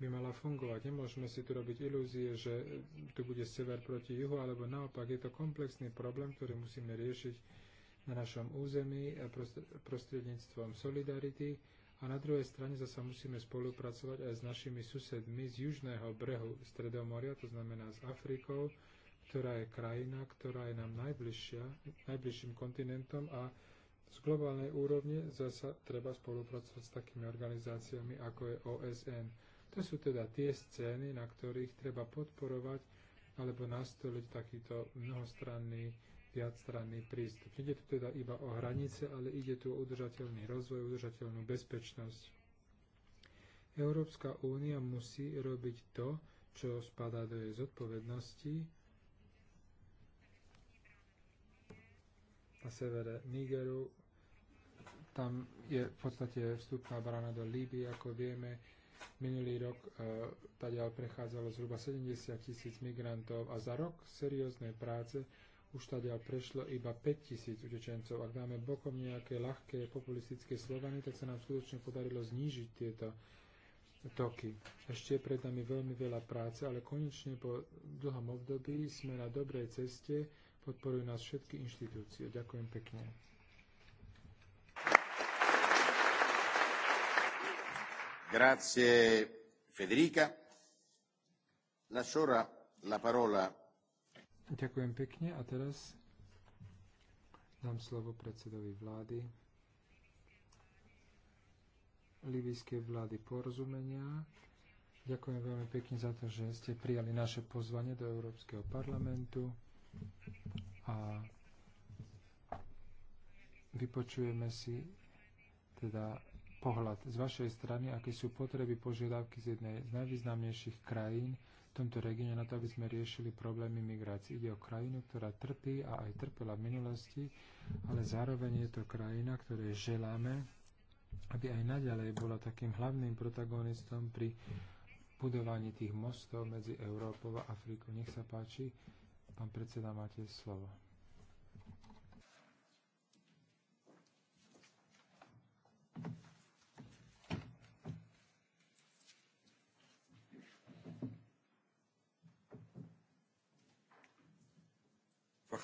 by mala fungovať. Nemôžeme si tu robiť ilúzie, že tu bude sever proti juhu, alebo naopak je to komplexný problém, ktorý musíme riešiť na našom území a prostredníctvom solidarity. A na druhej strane zase musíme spolupracovať aj s našimi susedmi z južného brehu Stredomoria, to znamená s Afrikou, ktorá je krajina, ktorá je nám najbližšia, najbližším kontinentom a z globálnej úrovne zasa treba spolupracovať s takými organizáciami, ako je OSN. To sú teda tie scény, na ktorých treba podporovať alebo nastoliť takýto mnohostranný, viacstranný prístup. Ide tu teda iba o hranice, ale ide tu o udržateľný rozvoj, udržateľnú bezpečnosť. Európska únia musí robiť to, čo spadá do jej zodpovednosti. Na severe Nigeru tam je v podstate vstupná brána do Líby, ako vieme, Minulý rok e, tadiaľ prechádzalo zhruba 70 tisíc migrantov a za rok serióznej práce už tadiaľ prešlo iba 5 tisíc utečencov. Ak dáme bokom nejaké ľahké populistické slogany, tak sa nám skutočne podarilo znížiť tieto toky. Ešte je pred nami veľmi veľa práce, ale konečne po dlhom období sme na dobrej ceste, podporujú nás všetky inštitúcie. Ďakujem pekne. Grazie Federica. la parola. Ďakujem pekne a teraz dám slovo predsedovi vlády Libijskej vlády porozumenia. Ďakujem veľmi pekne za to, že ste prijali naše pozvanie do Európskeho parlamentu a vypočujeme si teda pohľad z vašej strany, aké sú potreby požiadavky z jednej z najvýznamnejších krajín v tomto regióne na to, aby sme riešili problémy migrácie. Ide o krajinu, ktorá trpí a aj trpela v minulosti, ale zároveň je to krajina, ktorej želáme, aby aj naďalej bola takým hlavným protagonistom pri budovaní tých mostov medzi Európou a Afrikou. Nech sa páči, pán predseda, máte slovo.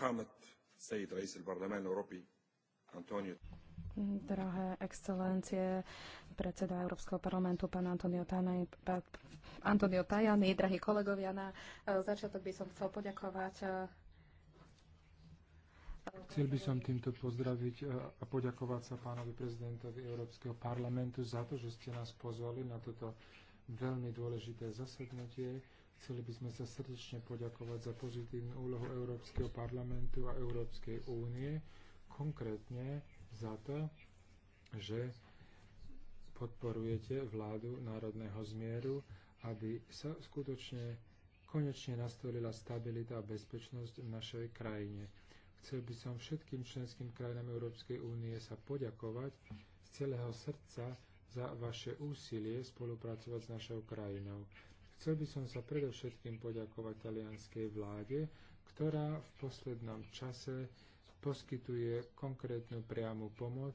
فخامة رئيس البرلمان Drahé excelencie, predseda Európskeho parlamentu, pán Antonio, Tajani, pán Antonio Tajani, drahí kolegovia, na eh, začiatok by som chcel poďakovať eh, Chcel by som týmto pozdraviť eh, a poďakovať sa pánovi prezidentovi Európskeho parlamentu za to, že ste nás pozvali na toto veľmi dôležité zasadnutie Chceli by sme sa srdečne poďakovať za pozitívnu úlohu Európskeho parlamentu a Európskej únie, konkrétne za to, že podporujete vládu národného zmieru, aby sa skutočne konečne nastolila stabilita a bezpečnosť v našej krajine. Chcel by som všetkým členským krajinám Európskej únie sa poďakovať z celého srdca za vaše úsilie spolupracovať s našou krajinou. Chcel by som sa predovšetkým poďakovať talianskej vláde, ktorá v poslednom čase poskytuje konkrétnu priamu pomoc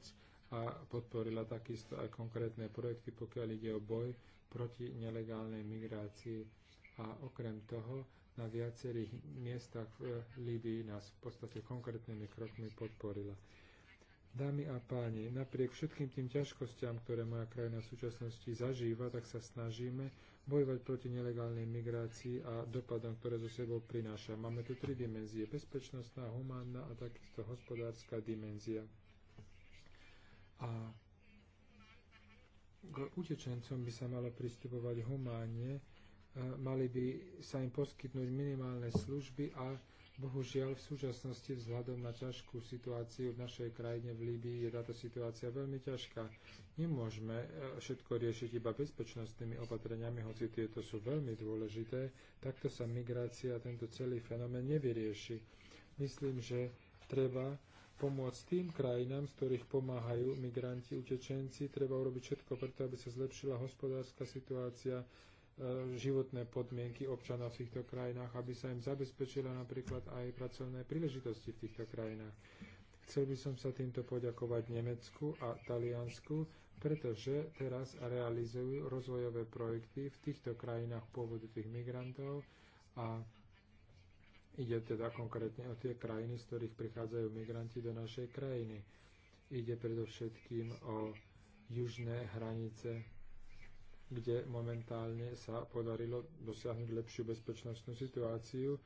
a podporila takisto aj konkrétne projekty, pokiaľ ide o boj proti nelegálnej migrácii. A okrem toho na viacerých miestach v Líbii nás v podstate konkrétnymi krokmi podporila. Dámy a páni, napriek všetkým tým ťažkostiam, ktoré moja krajina v súčasnosti zažíva, tak sa snažíme bojovať proti nelegálnej migrácii a dopadom, ktoré zo sebou prináša. Máme tu tri dimenzie. Bezpečnostná, humánna a takisto hospodárska dimenzia. A k utečencom by sa malo pristupovať humánne, e, mali by sa im poskytnúť minimálne služby a Bohužiaľ v súčasnosti vzhľadom na ťažkú situáciu v našej krajine v Líbii je táto situácia veľmi ťažká. Nemôžeme e, všetko riešiť iba bezpečnostnými opatreniami, hoci tieto sú veľmi dôležité. Takto sa migrácia a tento celý fenomén nevyrieši. Myslím, že treba pomôcť tým krajinám, z ktorých pomáhajú migranti, utečenci. Treba urobiť všetko preto, aby sa zlepšila hospodárska situácia E, životné podmienky občanov v týchto krajinách, aby sa im zabezpečilo napríklad aj pracovné príležitosti v týchto krajinách. Chcel by som sa týmto poďakovať Nemecku a Taliansku, pretože teraz realizujú rozvojové projekty v týchto krajinách pôvodu tých migrantov a ide teda konkrétne o tie krajiny, z ktorých prichádzajú migranti do našej krajiny. Ide predovšetkým o južné hranice kde momentálne sa podarilo dosiahnuť lepšiu bezpečnostnú situáciu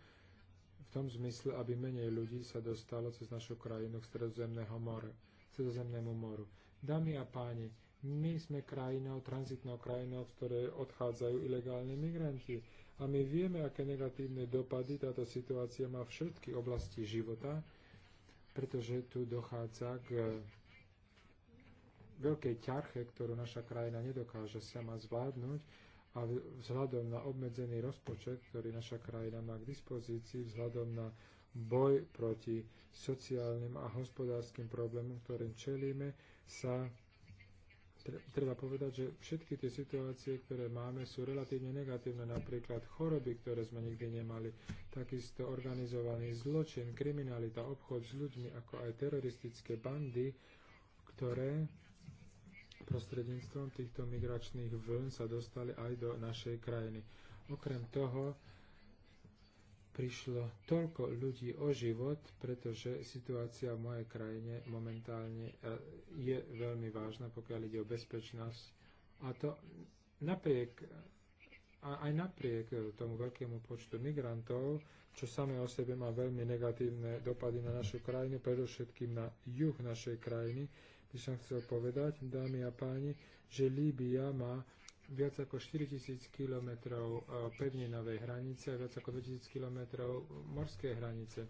v tom zmysle, aby menej ľudí sa dostalo cez našu krajinu k stredozemného moru, stredozemnému moru. Dámy a páni, my sme krajinou, tranzitnou krajinou, z ktorej odchádzajú ilegálne migranti. A my vieme, aké negatívne dopady táto situácia má v všetky oblasti života, pretože tu dochádza k veľkej ťarche, ktorú naša krajina nedokáže sama zvládnuť a vzhľadom na obmedzený rozpočet, ktorý naša krajina má k dispozícii, vzhľadom na boj proti sociálnym a hospodárskym problémom, ktorým čelíme, sa treba povedať, že všetky tie situácie, ktoré máme, sú relatívne negatívne. Napríklad choroby, ktoré sme nikdy nemali, takisto organizovaný zločin, kriminalita, obchod s ľuďmi, ako aj teroristické bandy, ktoré prostredníctvom týchto migračných vln sa dostali aj do našej krajiny. Okrem toho prišlo toľko ľudí o život, pretože situácia v mojej krajine momentálne e, je veľmi vážna, pokiaľ ide o bezpečnosť. A to napriek, aj napriek e, tomu veľkému počtu migrantov, čo samé o sebe má veľmi negatívne dopady na našu krajinu, predovšetkým na juh našej krajiny, by som chcel povedať, dámy a páni, že Líbia má viac ako 4000 km pevninovej hranice a viac ako 2000 km morskej hranice.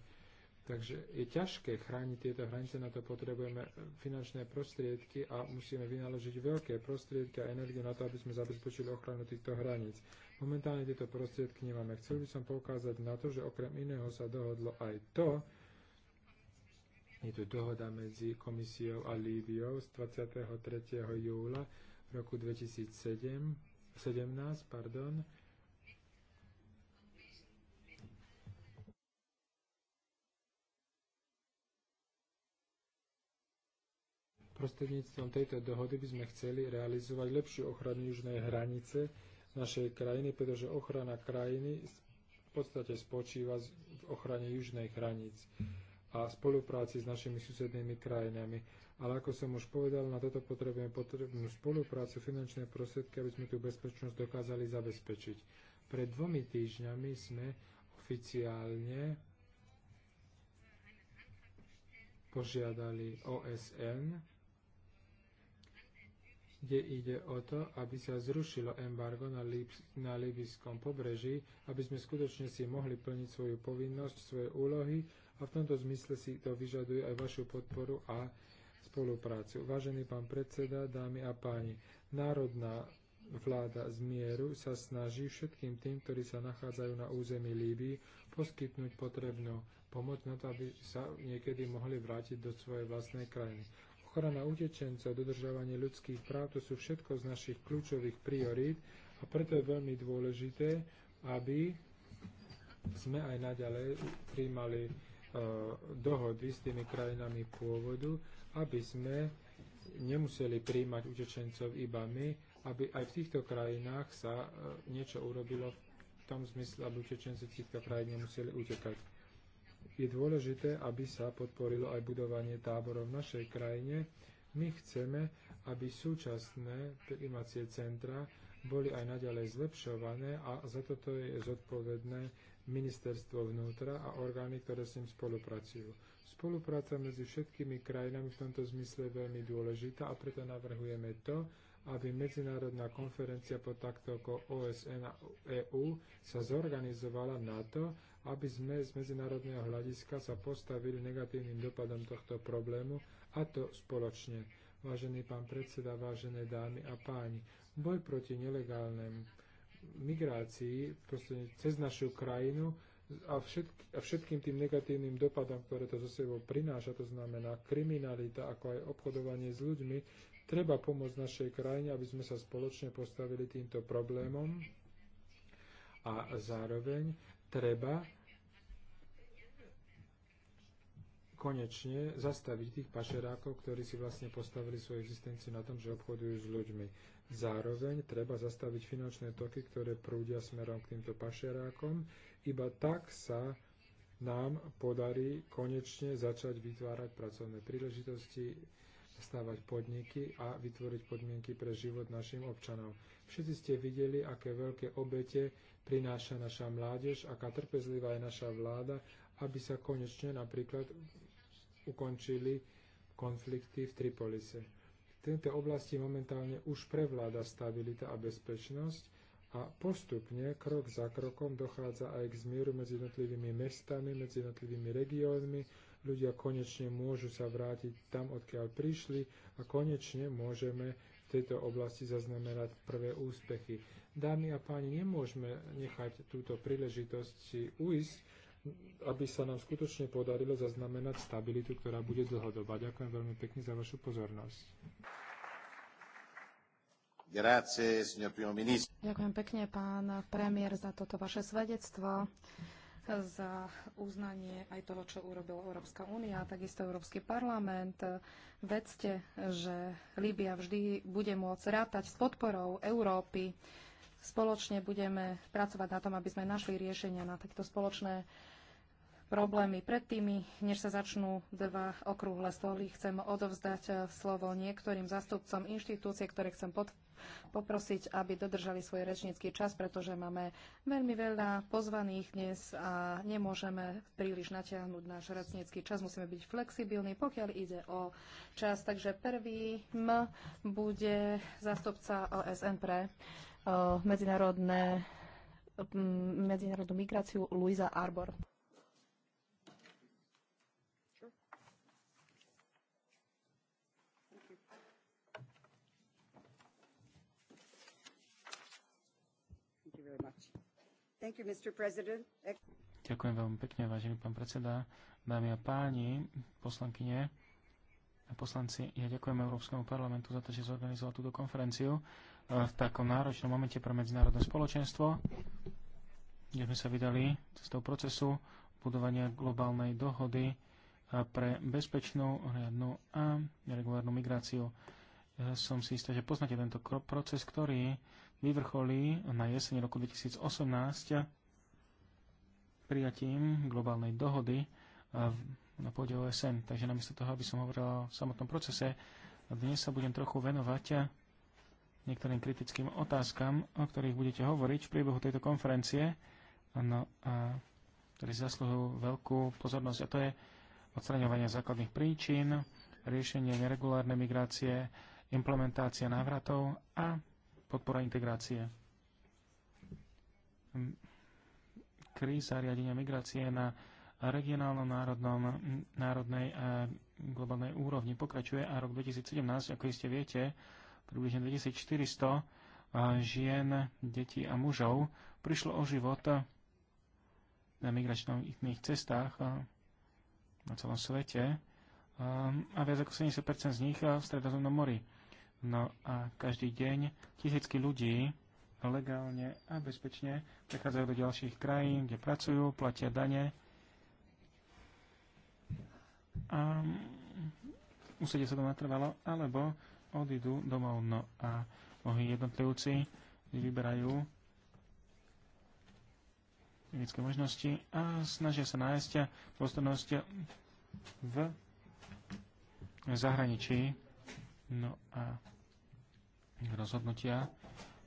Takže je ťažké chrániť tieto hranice, na to potrebujeme finančné prostriedky a musíme vynaložiť veľké prostriedky a energiu na to, aby sme zabezpečili ochranu týchto hraníc. Momentálne tieto prostriedky nemáme. Chcel by som poukázať na to, že okrem iného sa dohodlo aj to, je tu dohoda medzi komisiou a Líbiou z 23. júla roku 2017, pardon, Prostredníctvom tejto dohody by sme chceli realizovať lepšiu ochranu južnej hranice našej krajiny, pretože ochrana krajiny v podstate spočíva v ochrane južnej hranice a spolupráci s našimi susednými krajinami. Ale ako som už povedal, na toto potrebujeme potrebnú spoluprácu, finančné prostriedky, aby sme tú bezpečnosť dokázali zabezpečiť. Pred dvomi týždňami sme oficiálne požiadali OSN, kde ide o to, aby sa zrušilo embargo na, Lib- na libyskom pobreží, aby sme skutočne si mohli plniť svoju povinnosť, svoje úlohy a v tomto zmysle si to vyžaduje aj vašu podporu a spoluprácu. Vážený pán predseda, dámy a páni, národná vláda zmieru sa snaží všetkým tým, ktorí sa nachádzajú na území Líbii, poskytnúť potrebnú pomoc na to, aby sa niekedy mohli vrátiť do svojej vlastnej krajiny. Ochrana utečencov, dodržovanie ľudských práv, to sú všetko z našich kľúčových priorít a preto je veľmi dôležité, aby sme aj naďalej príjmali dohody s tými krajinami pôvodu, aby sme nemuseli príjmať utečencov iba my, aby aj v týchto krajinách sa e, niečo urobilo v tom zmysle, aby utečenci v týchto krajín nemuseli utekať. Je dôležité, aby sa podporilo aj budovanie táborov v našej krajine. My chceme, aby súčasné prijímacie centra boli aj naďalej zlepšované a za toto je zodpovedné ministerstvo vnútra a orgány, ktoré s ním spolupracujú. Spolupráca medzi všetkými krajinami v tomto zmysle je veľmi dôležitá a preto navrhujeme to, aby medzinárodná konferencia pod taktovkou OSN a EU sa zorganizovala na to, aby sme z medzinárodného hľadiska sa postavili negatívnym dopadom tohto problému a to spoločne. Vážený pán predseda, vážené dámy a páni, boj proti nelegálnemu migrácii cez našu krajinu a, všetky, a všetkým tým negatívnym dopadom, ktoré to zo sebou prináša, to znamená kriminalita, ako aj obchodovanie s ľuďmi, treba pomôcť našej krajine, aby sme sa spoločne postavili týmto problémom a zároveň treba konečne zastaviť tých pašerákov, ktorí si vlastne postavili svoju existenciu na tom, že obchodujú s ľuďmi. Zároveň treba zastaviť finančné toky, ktoré prúdia smerom k týmto pašerákom. Iba tak sa nám podarí konečne začať vytvárať pracovné príležitosti, stavať podniky a vytvoriť podmienky pre život našim občanov. Všetci ste videli, aké veľké obete prináša naša mládež, aká trpezlivá je naša vláda, aby sa konečne napríklad ukončili konflikty v Tripolise tejto oblasti momentálne už prevláda stabilita a bezpečnosť a postupne, krok za krokom, dochádza aj k zmieru medzi jednotlivými mestami, medzi jednotlivými regiónmi. Ľudia konečne môžu sa vrátiť tam, odkiaľ prišli a konečne môžeme v tejto oblasti zaznamenať prvé úspechy. Dámy a páni, nemôžeme nechať túto príležitosť si uísť, aby sa nám skutočne podarilo zaznamenať stabilitu, ktorá bude dlhodobá. Ďakujem veľmi pekne za vašu pozornosť. Grazie, Ďakujem pekne, pán premiér, za toto vaše svedectvo za uznanie aj toho, čo urobila Európska únia a takisto Európsky parlament. Vedzte, že Líbia vždy bude môcť rátať s podporou Európy. Spoločne budeme pracovať na tom, aby sme našli riešenia na takéto spoločné problémy. Pred tými, než sa začnú dva okrúhle stoly, chcem odovzdať eh, slovo niektorým zastupcom inštitúcie, ktoré chcem pod, poprosiť, aby dodržali svoj rečnícky čas, pretože máme veľmi veľa pozvaných dnes a nemôžeme príliš natiahnuť náš rečnícky čas. Musíme byť flexibilní, pokiaľ ide o čas. Takže prvý M bude zastupca OSN pre eh, medzinárodné, medzinárodnú migráciu Luisa Arbor. You, Ďakujem veľmi pekne, vážený pán predseda. Dámy a páni, poslankyne a poslanci, ja ďakujem Európskemu parlamentu za to, že zorganizoval túto konferenciu eh, v takom náročnom momente pre medzinárodné spoločenstvo, kde sme sa vydali cestou procesu budovania globálnej dohody eh, pre bezpečnú, riadnu a regulárnu migráciu. Ja som si istý, že poznáte tento proces, ktorý vyvrcholí na jeseň roku 2018 prijatím globálnej dohody na pôde OSN. Takže namiesto toho, aby som hovoril o samotnom procese, dnes sa budem trochu venovať niektorým kritickým otázkam, o ktorých budete hovoriť v priebehu tejto konferencie, no, a, ktoré zaslúhujú veľkú pozornosť. A to je odstraňovanie základných príčin, riešenie neregulárnej migrácie, implementácia návratov a podpora integrácie. Kríza riadenia migrácie na regionálnom, národnom, národnej a globálnej úrovni pokračuje a rok 2017, ako iste viete, približne 2400 žien, detí a mužov prišlo o život na migračných cestách na celom svete a viac ako 70% z nich v Stredozemnom mori. No a každý deň tisícky ľudí legálne a bezpečne prechádzajú do ďalších krajín, kde pracujú, platia dane a usedia sa to natrvalo, alebo odídu domov. No a mnohí jednotlivci vyberajú vedecké možnosti a snažia sa nájsť dôstojnosť v zahraničí. No a rozhodnutia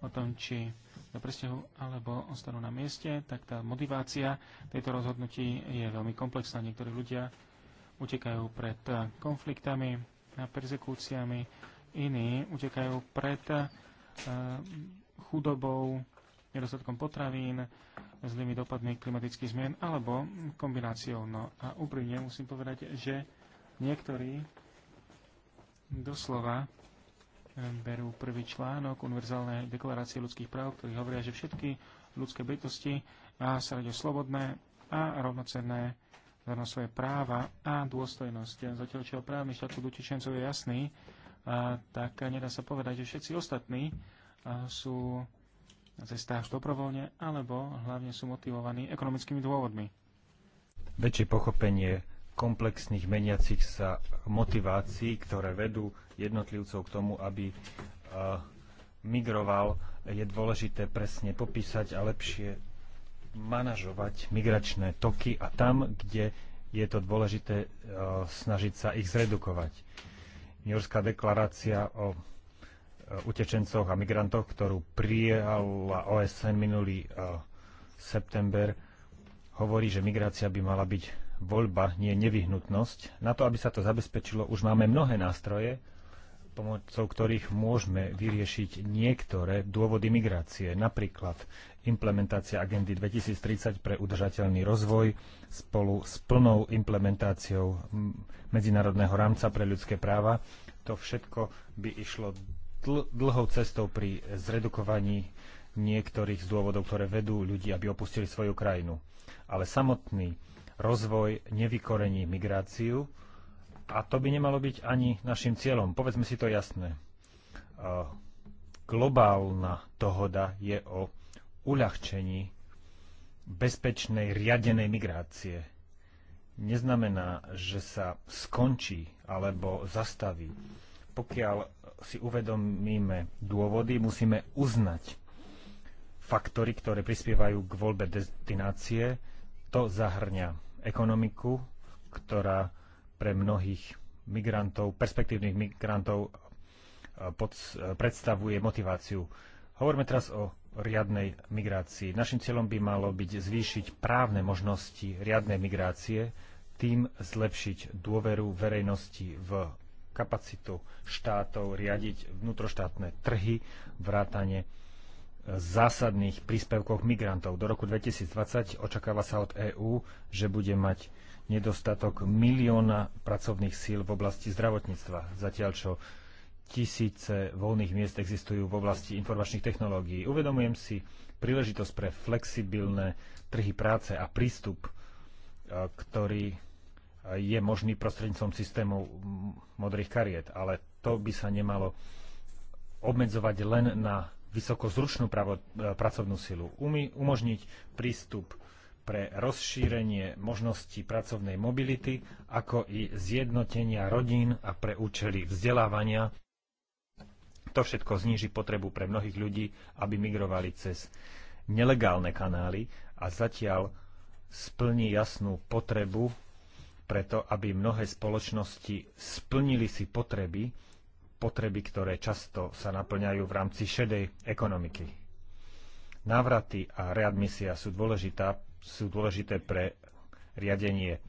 o tom, či do presťahu alebo ostanú na mieste, tak tá motivácia tejto rozhodnutí je veľmi komplexná. Niektorí ľudia utekajú pred konfliktami a persekúciami, iní utekajú pred eh, chudobou, nedostatkom potravín, zlými dopadmi klimatických zmien alebo kombináciou. No a úprimne musím povedať, že niektorí doslova berú prvý článok Univerzálnej deklarácie ľudských práv, ktorý hovoria, že všetky ľudské bytosti má sa radia slobodné a rovnocenné na svoje práva a dôstojnosť. Zatiaľ, čo právny štatút utečencov je jasný, a, tak nedá sa povedať, že všetci ostatní a, sú na cestách dobrovoľne alebo hlavne sú motivovaní ekonomickými dôvodmi. Väčšie pochopenie komplexných meniacich sa motivácií, ktoré vedú jednotlivcov k tomu, aby e, migroval, je dôležité presne popísať a lepšie manažovať migračné toky a tam, kde je to dôležité, e, snažiť sa ich zredukovať. New Yorkská deklarácia o e, utečencoch a migrantoch, ktorú prijala OSN minulý september, hovorí, že migrácia by mala byť voľba, nie nevyhnutnosť. Na to, aby sa to zabezpečilo, už máme mnohé nástroje, pomocou ktorých môžeme vyriešiť niektoré dôvody migrácie, napríklad implementácia agendy 2030 pre udržateľný rozvoj spolu s plnou implementáciou medzinárodného rámca pre ľudské práva. To všetko by išlo dl- dlhou cestou pri zredukovaní niektorých z dôvodov, ktoré vedú ľudí, aby opustili svoju krajinu. Ale samotný rozvoj nevykorení migráciu a to by nemalo byť ani našim cieľom. Povedzme si to jasné. Globálna dohoda je o uľahčení bezpečnej, riadenej migrácie. Neznamená, že sa skončí alebo zastaví. Pokiaľ si uvedomíme dôvody, musíme uznať faktory, ktoré prispievajú k voľbe destinácie. To zahrňa ekonomiku, ktorá pre mnohých migrantov, perspektívnych migrantov eh, pod, eh, predstavuje motiváciu. Hovoríme teraz o riadnej migrácii. Našim cieľom by malo byť zvýšiť právne možnosti riadnej migrácie, tým zlepšiť dôveru verejnosti v kapacitu štátov riadiť vnútroštátne trhy, vrátane zásadných príspevkoch migrantov. Do roku 2020 očakáva sa od EÚ, že bude mať nedostatok milióna pracovných síl v oblasti zdravotníctva, zatiaľ čo tisíce voľných miest existujú v oblasti informačných technológií. Uvedomujem si príležitosť pre flexibilné trhy práce a prístup, e, ktorý je možný prostredníctvom systému modrých kariet, ale to by sa nemalo obmedzovať len na vysokozručnú pravo, e, pracovnú silu, umy, umožniť prístup pre rozšírenie možností pracovnej mobility, ako i zjednotenia rodín a pre účely vzdelávania. To všetko zníži potrebu pre mnohých ľudí, aby migrovali cez nelegálne kanály a zatiaľ splní jasnú potrebu preto, aby mnohé spoločnosti splnili si potreby, potreby, ktoré často sa naplňajú v rámci šedej ekonomiky. Návraty a readmisia sú, dôležitá, sú dôležité pre riadenie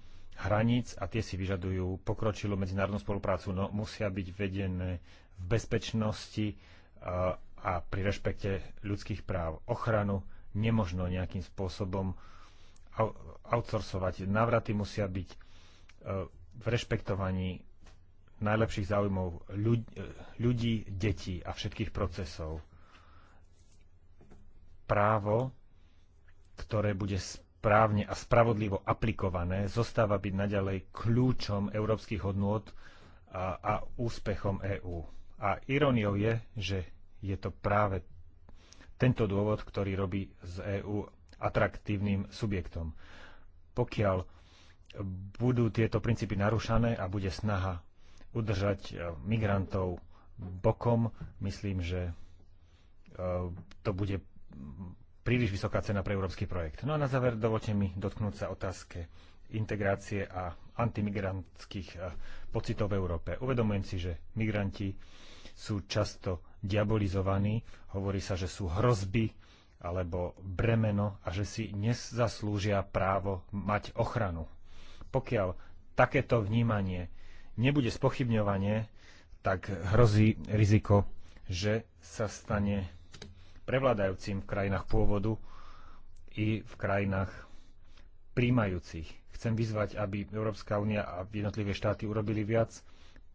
hraníc a tie si vyžadujú pokročilú medzinárodnú spoluprácu, no musia byť vedené v bezpečnosti a, e, a pri rešpekte ľudských práv. Ochranu nemožno nejakým spôsobom outsourcovať. Návraty musia byť e, v rešpektovaní najlepších záujmov ľudí, ľudí, detí a všetkých procesov. Právo, ktoré bude správne a spravodlivo aplikované, zostáva byť naďalej kľúčom európskych hodnôt a, a úspechom EÚ. A iróniou je, že je to práve tento dôvod, ktorý robí z EÚ atraktívnym subjektom. Pokiaľ budú tieto princípy narušané a bude snaha udržať e, migrantov bokom. Myslím, že e, to bude príliš vysoká cena pre európsky projekt. No a na záver dovolte mi dotknúť sa otázke integrácie a antimigrantských e, pocitov v Európe. Uvedomujem si, že migranti sú často diabolizovaní, hovorí sa, že sú hrozby alebo bremeno a že si nezaslúžia právo mať ochranu. Pokiaľ takéto vnímanie nebude spochybňovanie, tak hrozí riziko, že sa stane prevládajúcim v krajinách pôvodu i v krajinách príjmajúcich. Chcem vyzvať, aby Európska únia a jednotlivé štáty urobili viac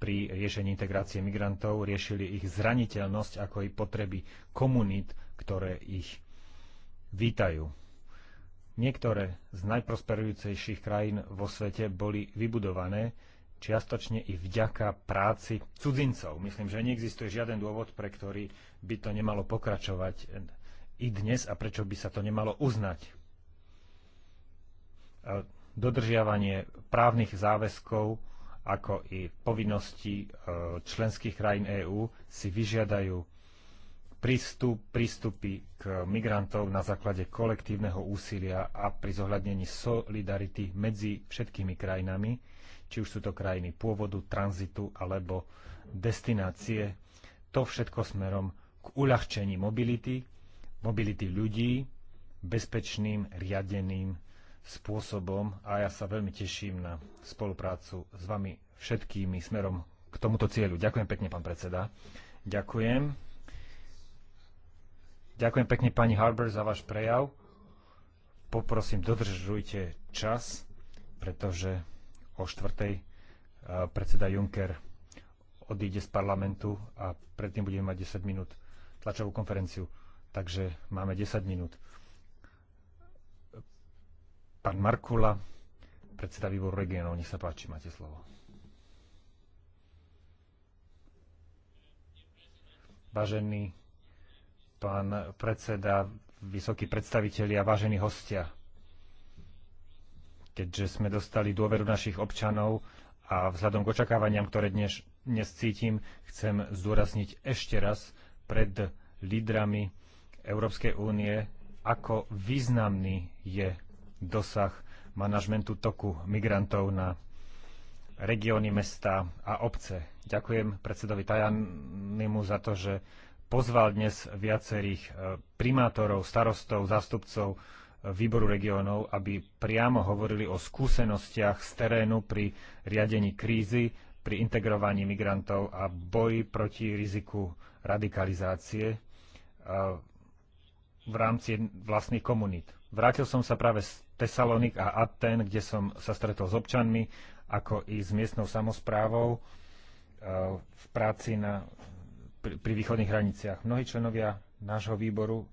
pri riešení integrácie migrantov, riešili ich zraniteľnosť ako i potreby komunít, ktoré ich vítajú. Niektoré z najprosperujúcejších krajín vo svete boli vybudované čiastočne i vďaka práci cudzincov. Myslím, že neexistuje žiaden dôvod, pre ktorý by to nemalo pokračovať i dnes a prečo by sa to nemalo uznať. E, dodržiavanie právnych záväzkov ako i povinnosti e, členských krajín EÚ si vyžiadajú prístup, prístupy k migrantov na základe kolektívneho úsilia a pri zohľadnení solidarity medzi všetkými krajinami, či už sú to krajiny pôvodu, tranzitu alebo destinácie. To všetko smerom k uľahčení mobility, mobility ľudí, bezpečným, riadeným spôsobom a ja sa veľmi teším na spoluprácu s vami všetkými smerom k tomuto cieľu. Ďakujem pekne, pán predseda. Ďakujem. Ďakujem pekne, pani Harber, za váš prejav. Poprosím, dodržujte čas, pretože o štvrtej predseda Juncker odíde z parlamentu a predtým budeme mať 10 minút tlačovú konferenciu. Takže máme 10 minút. Pán Markula, predseda výboru regionov, nech sa páči, máte slovo. Vážený pán predseda, vysokí predstavitelia, vážení hostia, keďže sme dostali dôveru našich občanov a vzhľadom k očakávaniam, ktoré dnes, dnes cítim, chcem zdôrazniť ešte raz pred lídrami Európskej únie, ako významný je dosah manažmentu toku migrantov na regióny, mesta a obce. Ďakujem predsedovi Tajanimu za to, že pozval dnes viacerých eh, primátorov, starostov, zástupcov výboru regiónov, aby priamo hovorili o skúsenostiach z terénu pri riadení krízy, pri integrovaní migrantov a boji proti riziku radikalizácie e, v rámci vlastných komunít. Vrátil som sa práve z Tesalonik a Aten, kde som sa stretol s občanmi, ako i s miestnou samozprávou e, v práci na, pri, pri východných hraniciach. Mnohí členovia nášho výboru e,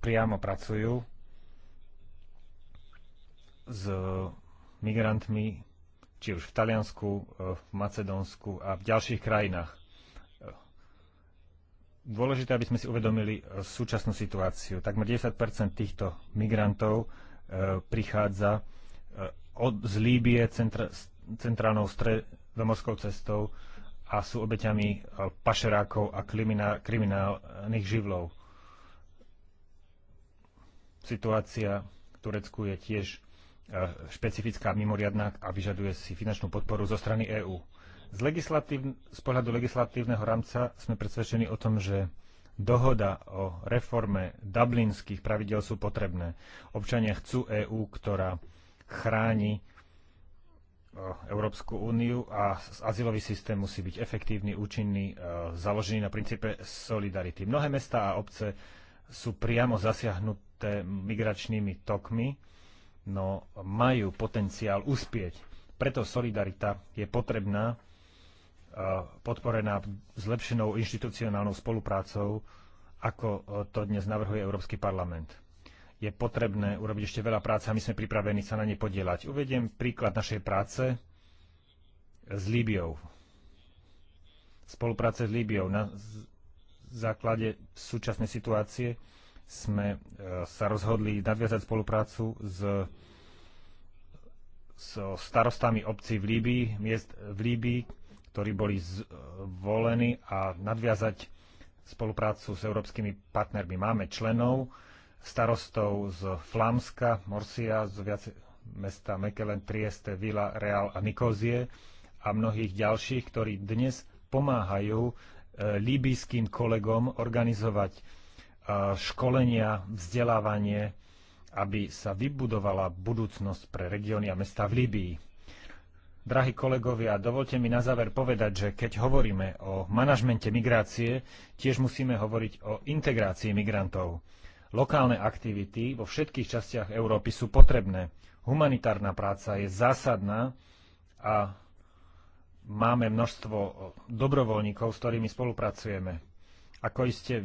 priamo pracujú s e, migrantmi, či už v Taliansku, e, v Macedónsku a v ďalších krajinách. E, dôležité, aby sme si uvedomili súčasnú situáciu. Takmer 10 týchto migrantov prichádza od, z Líbie centr, centrálnou stredomorskou cestou a sú obeťami pašerákov a kriminálnych živlov. Situácia v Turecku je tiež E, špecifická, mimoriadná a vyžaduje si finančnú podporu zo strany EÚ. Z, legislatív, z pohľadu legislatívneho rámca sme presvedčení o tom, že dohoda o reforme dublinských pravidel sú potrebné. Občania chcú EÚ, ktorá chráni e, Európsku úniu a azylový systém musí byť efektívny, účinný, e, založený na princípe solidarity. Mnohé mesta a obce sú priamo zasiahnuté migračnými tokmi no majú potenciál uspieť. Preto solidarita je potrebná, podporená zlepšenou inštitucionálnou spoluprácou, ako e, to dnes navrhuje Európsky parlament. Je potrebné urobiť ešte veľa práce a my sme pripravení sa na ne podielať. Uvediem príklad našej práce s Líbiou. Spolupráce s Líbiou na základe súčasnej situácie sme e, sa rozhodli nadviazať spoluprácu s, so starostami obcí v Líbii, miest v Líbii, ktorí boli zvolení e, a nadviazať spoluprácu s európskymi partnermi. Máme členov, starostov z Flámska, Morsia, z viac mesta Mekelen, Trieste, Vila, Real a Nikozie a mnohých ďalších, ktorí dnes pomáhajú e, líbyským kolegom organizovať školenia, vzdelávanie, aby sa vybudovala budúcnosť pre regióny a mesta v Líbii. Drahí kolegovia, dovolte mi na záver povedať, že keď hovoríme o manažmente migrácie, tiež musíme hovoriť o integrácii migrantov. Lokálne aktivity vo všetkých častiach Európy sú potrebné. Humanitárna práca je zásadná a máme množstvo dobrovoľníkov, s ktorými spolupracujeme. Ako iste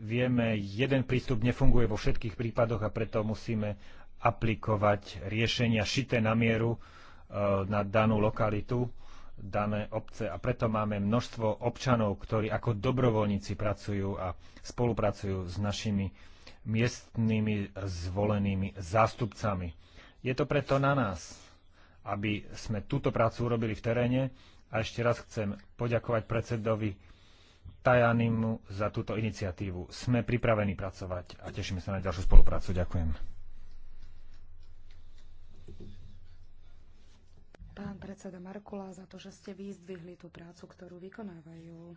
vieme, jeden prístup nefunguje vo všetkých prípadoch a preto musíme aplikovať riešenia šité na mieru e, na danú lokalitu, dané obce. A preto máme množstvo občanov, ktorí ako dobrovoľníci pracujú a spolupracujú s našimi miestnými zvolenými zástupcami. Je to preto na nás, aby sme túto prácu urobili v teréne. A ešte raz chcem poďakovať predsedovi Tajanimu za túto iniciatívu. Sme pripravení pracovať a tešíme sa na ďalšiu spoluprácu. Ďakujem. Pán predseda Markula, za to, že ste vyzdvihli tú prácu, ktorú vykonávajú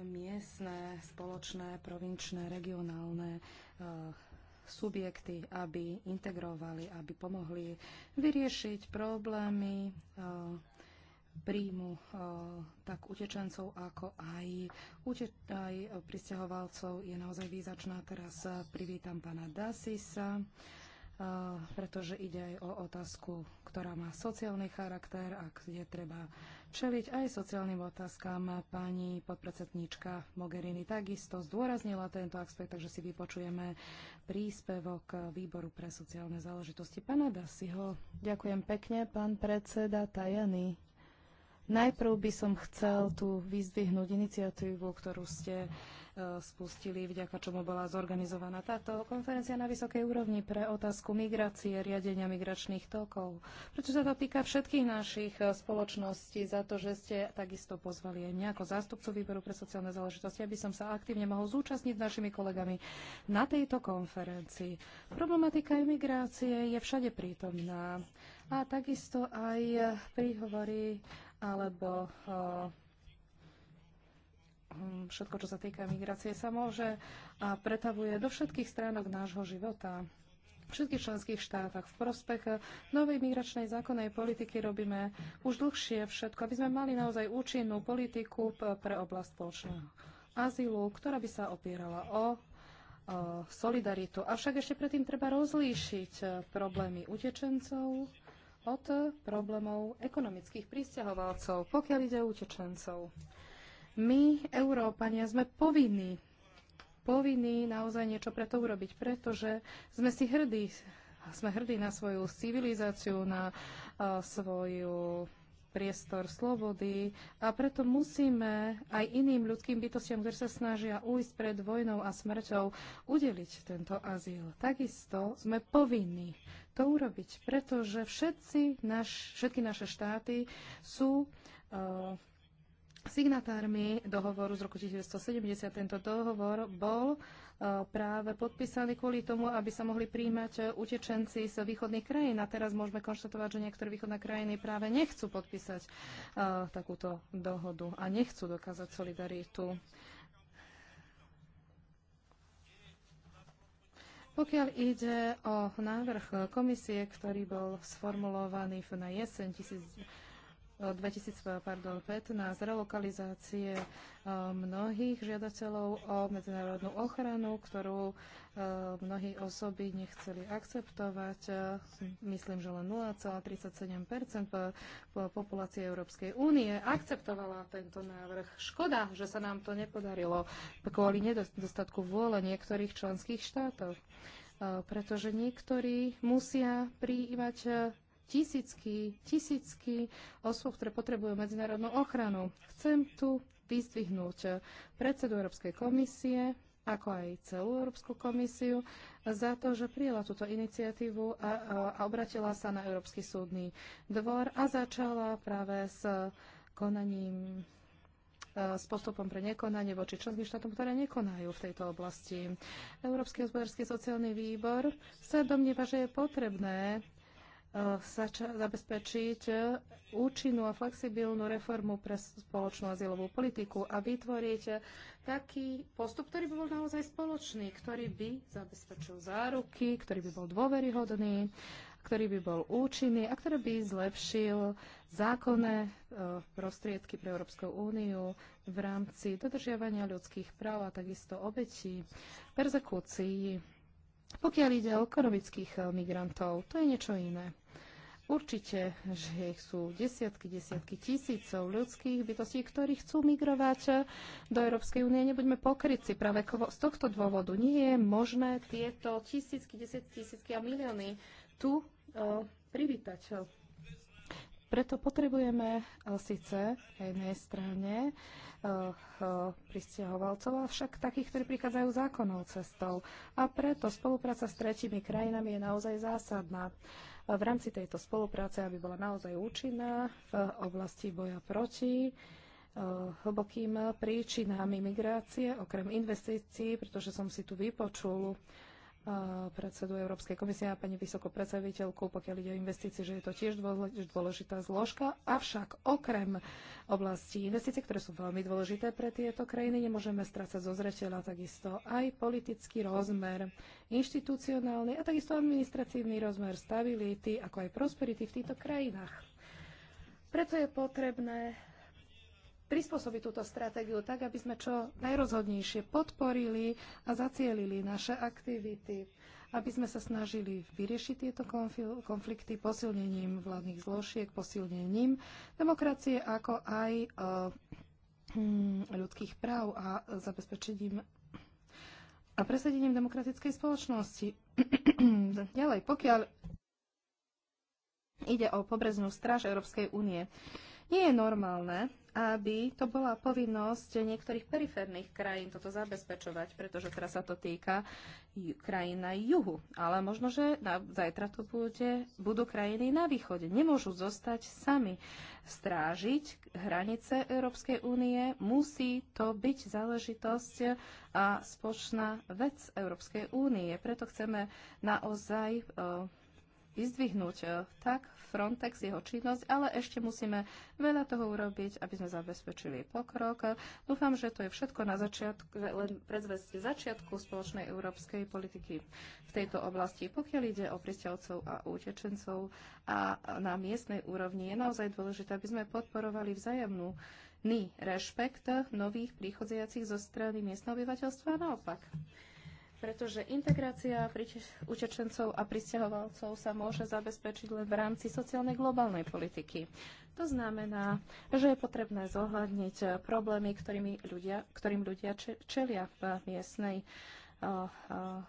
miestne, spoločné, provinčné, regionálne e subjekty, aby integrovali, aby pomohli vyriešiť problémy eh, príjmu eh, tak utečencov, ako aj, aj pristahovalcov je naozaj výzačná. Teraz eh, privítam pána Dasisa, eh, pretože ide aj o otázku, ktorá má sociálny charakter a kde treba čeliť aj sociálnym otázkam. Pani podpredsedníčka Mogherini takisto zdôraznila tento aspekt, takže si vypočujeme príspevok Výboru pre sociálne záležitosti. Pana Dasiho, ďakujem pekne, pán predseda Tajany. Najprv by som chcel tu vyzdvihnúť iniciatívu, ktorú ste e, spustili, vďaka čomu bola zorganizovaná táto konferencia na vysokej úrovni pre otázku migrácie, riadenia migračných tokov. Prečo sa to týka všetkých našich e, spoločností za to, že ste takisto pozvali aj mňa ako zástupcu výboru pre sociálne záležitosti, aby som sa aktívne mohol zúčastniť s našimi kolegami na tejto konferencii. Problematika imigrácie je všade prítomná a takisto aj e, príhovory alebo eh, hm, všetko, čo sa týka migrácie, sa môže a pretavuje do všetkých stránok nášho života. V všetkých členských štátach v prospech eh, novej migračnej zákonnej politiky robíme už dlhšie všetko, aby sme mali naozaj účinnú politiku pre oblasť spoločného azylu, ktorá by sa opierala o eh, solidaritu. Avšak ešte predtým treba rozlíšiť problémy utečencov od problémov ekonomických pristahovalcov, pokiaľ ide o utečencov. My, Európania, sme povinní, povinní naozaj niečo pre to urobiť, pretože sme si hrdí, sme hrdí na svoju civilizáciu, na uh, svoju priestor slobody a preto musíme aj iným ľudským bytostiam, ktoré sa snažia ujsť pred vojnou a smrťou, udeliť tento azyl. Takisto sme povinní to urobiť, pretože všetci naš, všetky naše štáty sú uh, signatármi dohovoru z roku 1970. Tento dohovor bol uh, práve podpísali kvôli tomu, aby sa mohli príjmať e, utečenci z východných krajín. A teraz môžeme konštatovať, že niektoré východné krajiny práve nechcú podpísať e, takúto dohodu a nechcú dokázať solidaritu. Pokiaľ ide o návrh komisie, ktorý bol sformulovaný na jeseň 2000, 2015 relokalizácie eh, mnohých žiadateľov o medzinárodnú ochranu, ktorú eh, mnohí osoby nechceli akceptovať. Eh, myslím, že len 0,37 populácie Európskej únie akceptovala tento návrh. Škoda, že sa nám to nepodarilo kvôli nedostatku vôle niektorých členských štátov pretože niektorí musia prijímať tisícky, tisícky osôb, ktoré potrebujú medzinárodnú ochranu. Chcem tu vyzdvihnúť predsedu Európskej komisie, ako aj celú Európsku komisiu, za to, že prijela túto iniciatívu a, a, a obratila sa na Európsky súdny dvor a začala práve s konaním e, s postupom pre nekonanie voči členským štátom, ktoré nekonajú v tejto oblasti. Európsky hospodársky sociálny výbor sa domnieva, že je potrebné E, zabezpečiť účinnú a flexibilnú reformu pre spoločnú azylovú politiku a vytvoriť taký postup, ktorý by bol naozaj spoločný, ktorý by zabezpečil záruky, ktorý by bol dôveryhodný, ktorý by bol účinný a ktorý by zlepšil zákonné e, prostriedky pre Európsku úniu v rámci dodržiavania ľudských práv a takisto obetí, persekúcií, pokiaľ ide o ekonomických e, migrantov, to je niečo iné. Určite, že ich sú desiatky, desiatky tisícov ľudských bytostí, ktorí chcú migrovať do Európskej únie. Nebuďme pokryci práve z tohto dôvodu. Nie je možné tieto tisícky, desiatky tisícky a milióny tu o, e, privítať. Preto potrebujeme e, síce na jednej strane e, pristiahovalcov, avšak takých, ktorí prichádzajú zákonnou cestou. A preto spolupráca s tretimi krajinami je naozaj zásadná v rámci tejto spolupráce, aby bola naozaj účinná v oblasti boja proti eh, hlbokým príčinám migrácie, okrem investícií, pretože som si tu vypočul predsedu Európskej komisie a pani vysokú predstaviteľku, pokiaľ ide o investície, že je to tiež dôležitá zložka. Avšak okrem oblasti investícií, ktoré sú veľmi dôležité pre tieto krajiny, nemôžeme strácať zo zreteľa takisto aj politický rozmer, inštitucionálny a takisto administratívny rozmer stability, ako aj prosperity v týchto krajinách. Preto je potrebné prispôsobiť túto stratégiu tak, aby sme čo najrozhodnejšie podporili a zacielili naše aktivity, aby sme sa snažili vyriešiť tieto konflikty posilnením vládnych zložiek, posilnením demokracie, ako aj eh, hm, ľudských práv a zabezpečením a presadením demokratickej spoločnosti. Ďalej, pokiaľ ide o pobreznú stráž Európskej únie, nie je normálne, aby to bola povinnosť niektorých periférnych krajín toto zabezpečovať, pretože teraz sa to týka krajín na juhu. Ale možno, že na, zajtra to bude, budú krajiny na východe. Nemôžu zostať sami. Strážiť hranice Európskej únie musí to byť záležitosť a spoločná vec Európskej únie. Preto chceme naozaj vyzdvihnúť e, tak Frontex, jeho činnosť, ale ešte musíme veľa toho urobiť, aby sme zabezpečili pokrok. Dúfam, že to je všetko na začiatku, len predzvesť začiatku spoločnej európskej politiky v tejto oblasti. Pokiaľ ide o pristiavcov a utečencov a na miestnej úrovni, je naozaj dôležité, aby sme podporovali vzájomnú rešpekt nových príchodziacich zo strany miestneho obyvateľstva a naopak pretože integrácia utečencov a pristahovalcov sa môže zabezpečiť len v rámci sociálnej globálnej politiky. To znamená, že je potrebné zohľadniť problémy, ktorými ľudia, ktorým ľudia čelia v miestnej uh, uh,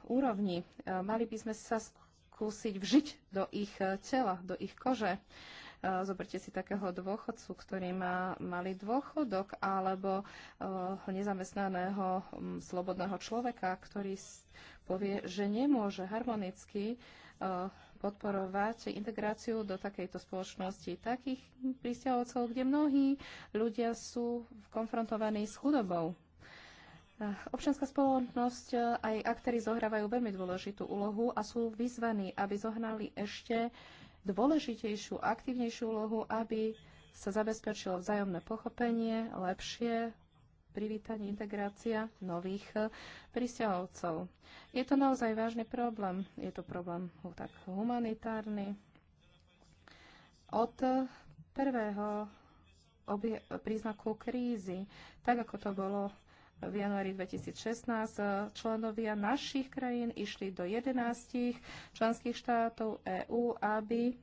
úrovni. Uh, mali by sme sa skúsiť vžiť do ich tela, do ich kože. Uh, Eh, zoberte si takého dôchodcu, ktorý má malý dôchodok, alebo eh, nezamestnaného hm, slobodného človeka, ktorý povie, že nemôže harmonicky eh, podporovať integráciu do takejto spoločnosti takých pristahovcov, kde mnohí ľudia sú konfrontovaní s chudobou. Občianská spoločnosť aj aktéry zohrávajú veľmi dôležitú úlohu a sú vyzvaní, aby zohnali ešte dôležitejšiu, aktívnejšiu úlohu, aby sa zabezpečilo vzájomné pochopenie, lepšie privítanie, integrácia nových pristahovcov. Je to naozaj vážny problém. Je to problém tak humanitárny. Od prvého príznaku krízy, tak ako to bolo v januári 2016 e, členovia našich krajín išli do 11 členských štátov EÚ, aby e,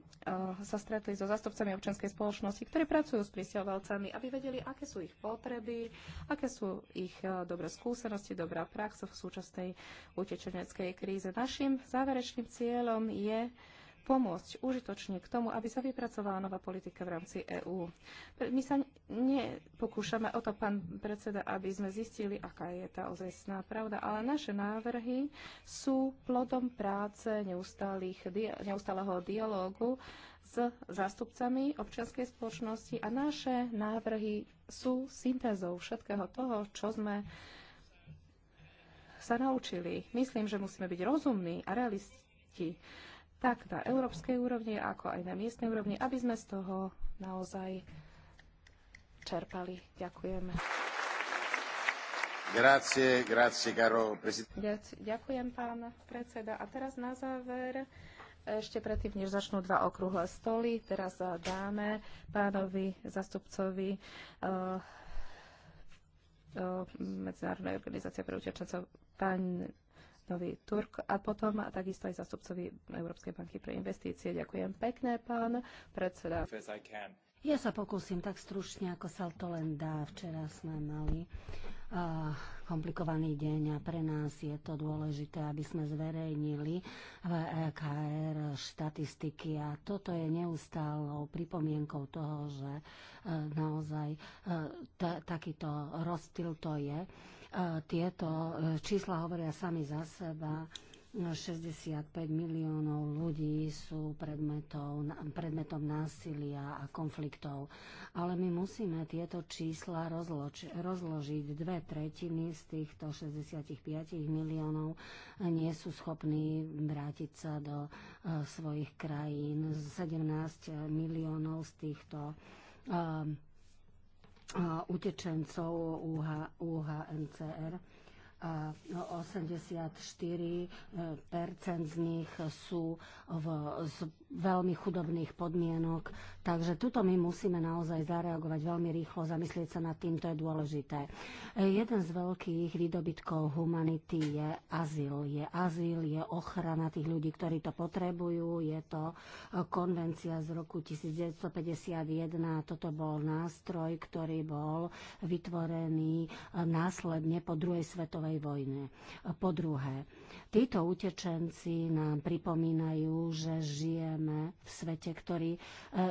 sa stretli so zastupcami občianskej spoločnosti, ktorí pracujú s prisťahovalcami, aby vedeli, aké sú ich potreby, aké sú ich e, dobré skúsenosti, dobrá prax v súčasnej utečeneckej kríze. Našim záverečným cieľom je pomôcť užitočne k tomu, aby sa vypracovala nová politika v rámci EÚ. My sa nepokúšame o to, pán predseda, aby sme zistili, aká je tá ozajstná pravda, ale naše návrhy sú plodom práce neustáleho dialógu s zástupcami občianskej spoločnosti a naše návrhy sú syntézou všetkého toho, čo sme sa naučili. Myslím, že musíme byť rozumní a realisti tak na európskej úrovni, ako aj na miestnej úrovni, aby sme z toho naozaj čerpali. Ďakujeme. Grazie, grazie, caro Ďakujem, pán predseda. A teraz na záver, ešte predtým, než začnú dva okrúhle stoly, teraz dáme pánovi zastupcovi uh, uh, Medzinárodnej organizácie pre utečencov, pán nový Turk a potom a takisto aj zastupcovi Európskej banky pre investície. Ďakujem pekne, pán predseda. Ja sa pokúsim tak stručne, ako sa to len dá. Včera sme mali uh, komplikovaný deň a pre nás je to dôležité, aby sme zverejnili v EKR štatistiky a toto je neustálou pripomienkou toho, že uh, naozaj uh, takýto rozstyl to je E, tieto e, čísla hovoria sami za seba. 65 no, miliónov ľudí sú predmetom, predmetom násilia a konfliktov. Ale my musíme tieto čísla rozloč, rozložiť. Dve tretiny z týchto 65 miliónov nie sú schopní vrátiť sa do uh, svojich krajín. 17 miliónov z týchto uh, utečencov UH, UHNCR. 84% z nich sú v veľmi chudobných podmienok. Takže tuto my musíme naozaj zareagovať veľmi rýchlo, zamyslieť sa nad tým, to je dôležité. Jeden z veľkých výdobitkov humanity je azyl. Je azyl, je ochrana tých ľudí, ktorí to potrebujú. Je to eh, konvencia z roku 1951. Toto bol nástroj, ktorý bol vytvorený eh, následne po druhej svetovej vojne. Eh, po druhé, Títo utečenci nám pripomínajú, že žijeme v svete, ktorý e,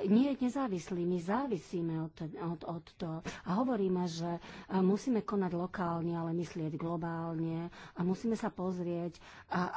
nie je nezávislý. My závisíme od, od, od toho a hovoríme, že e, musíme konať lokálne, ale myslieť globálne a musíme sa pozrieť,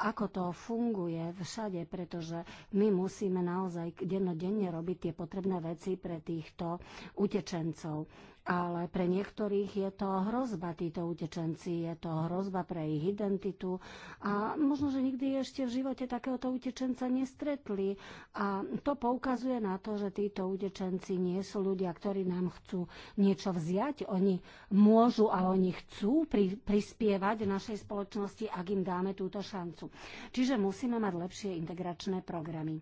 ako to funguje všade, pretože my musíme naozaj dennodenne robiť tie potrebné veci pre týchto utečencov ale pre niektorých je to hrozba, títo utečenci, je to hrozba pre ich identitu a možno, že nikdy ešte v živote takéhoto utečenca nestretli a to poukazuje na to, že títo utečenci nie sú ľudia, ktorí nám chcú niečo vziať, oni môžu a oni chcú pri, prispievať v našej spoločnosti, ak im dáme túto šancu. Čiže musíme mať lepšie integračné programy.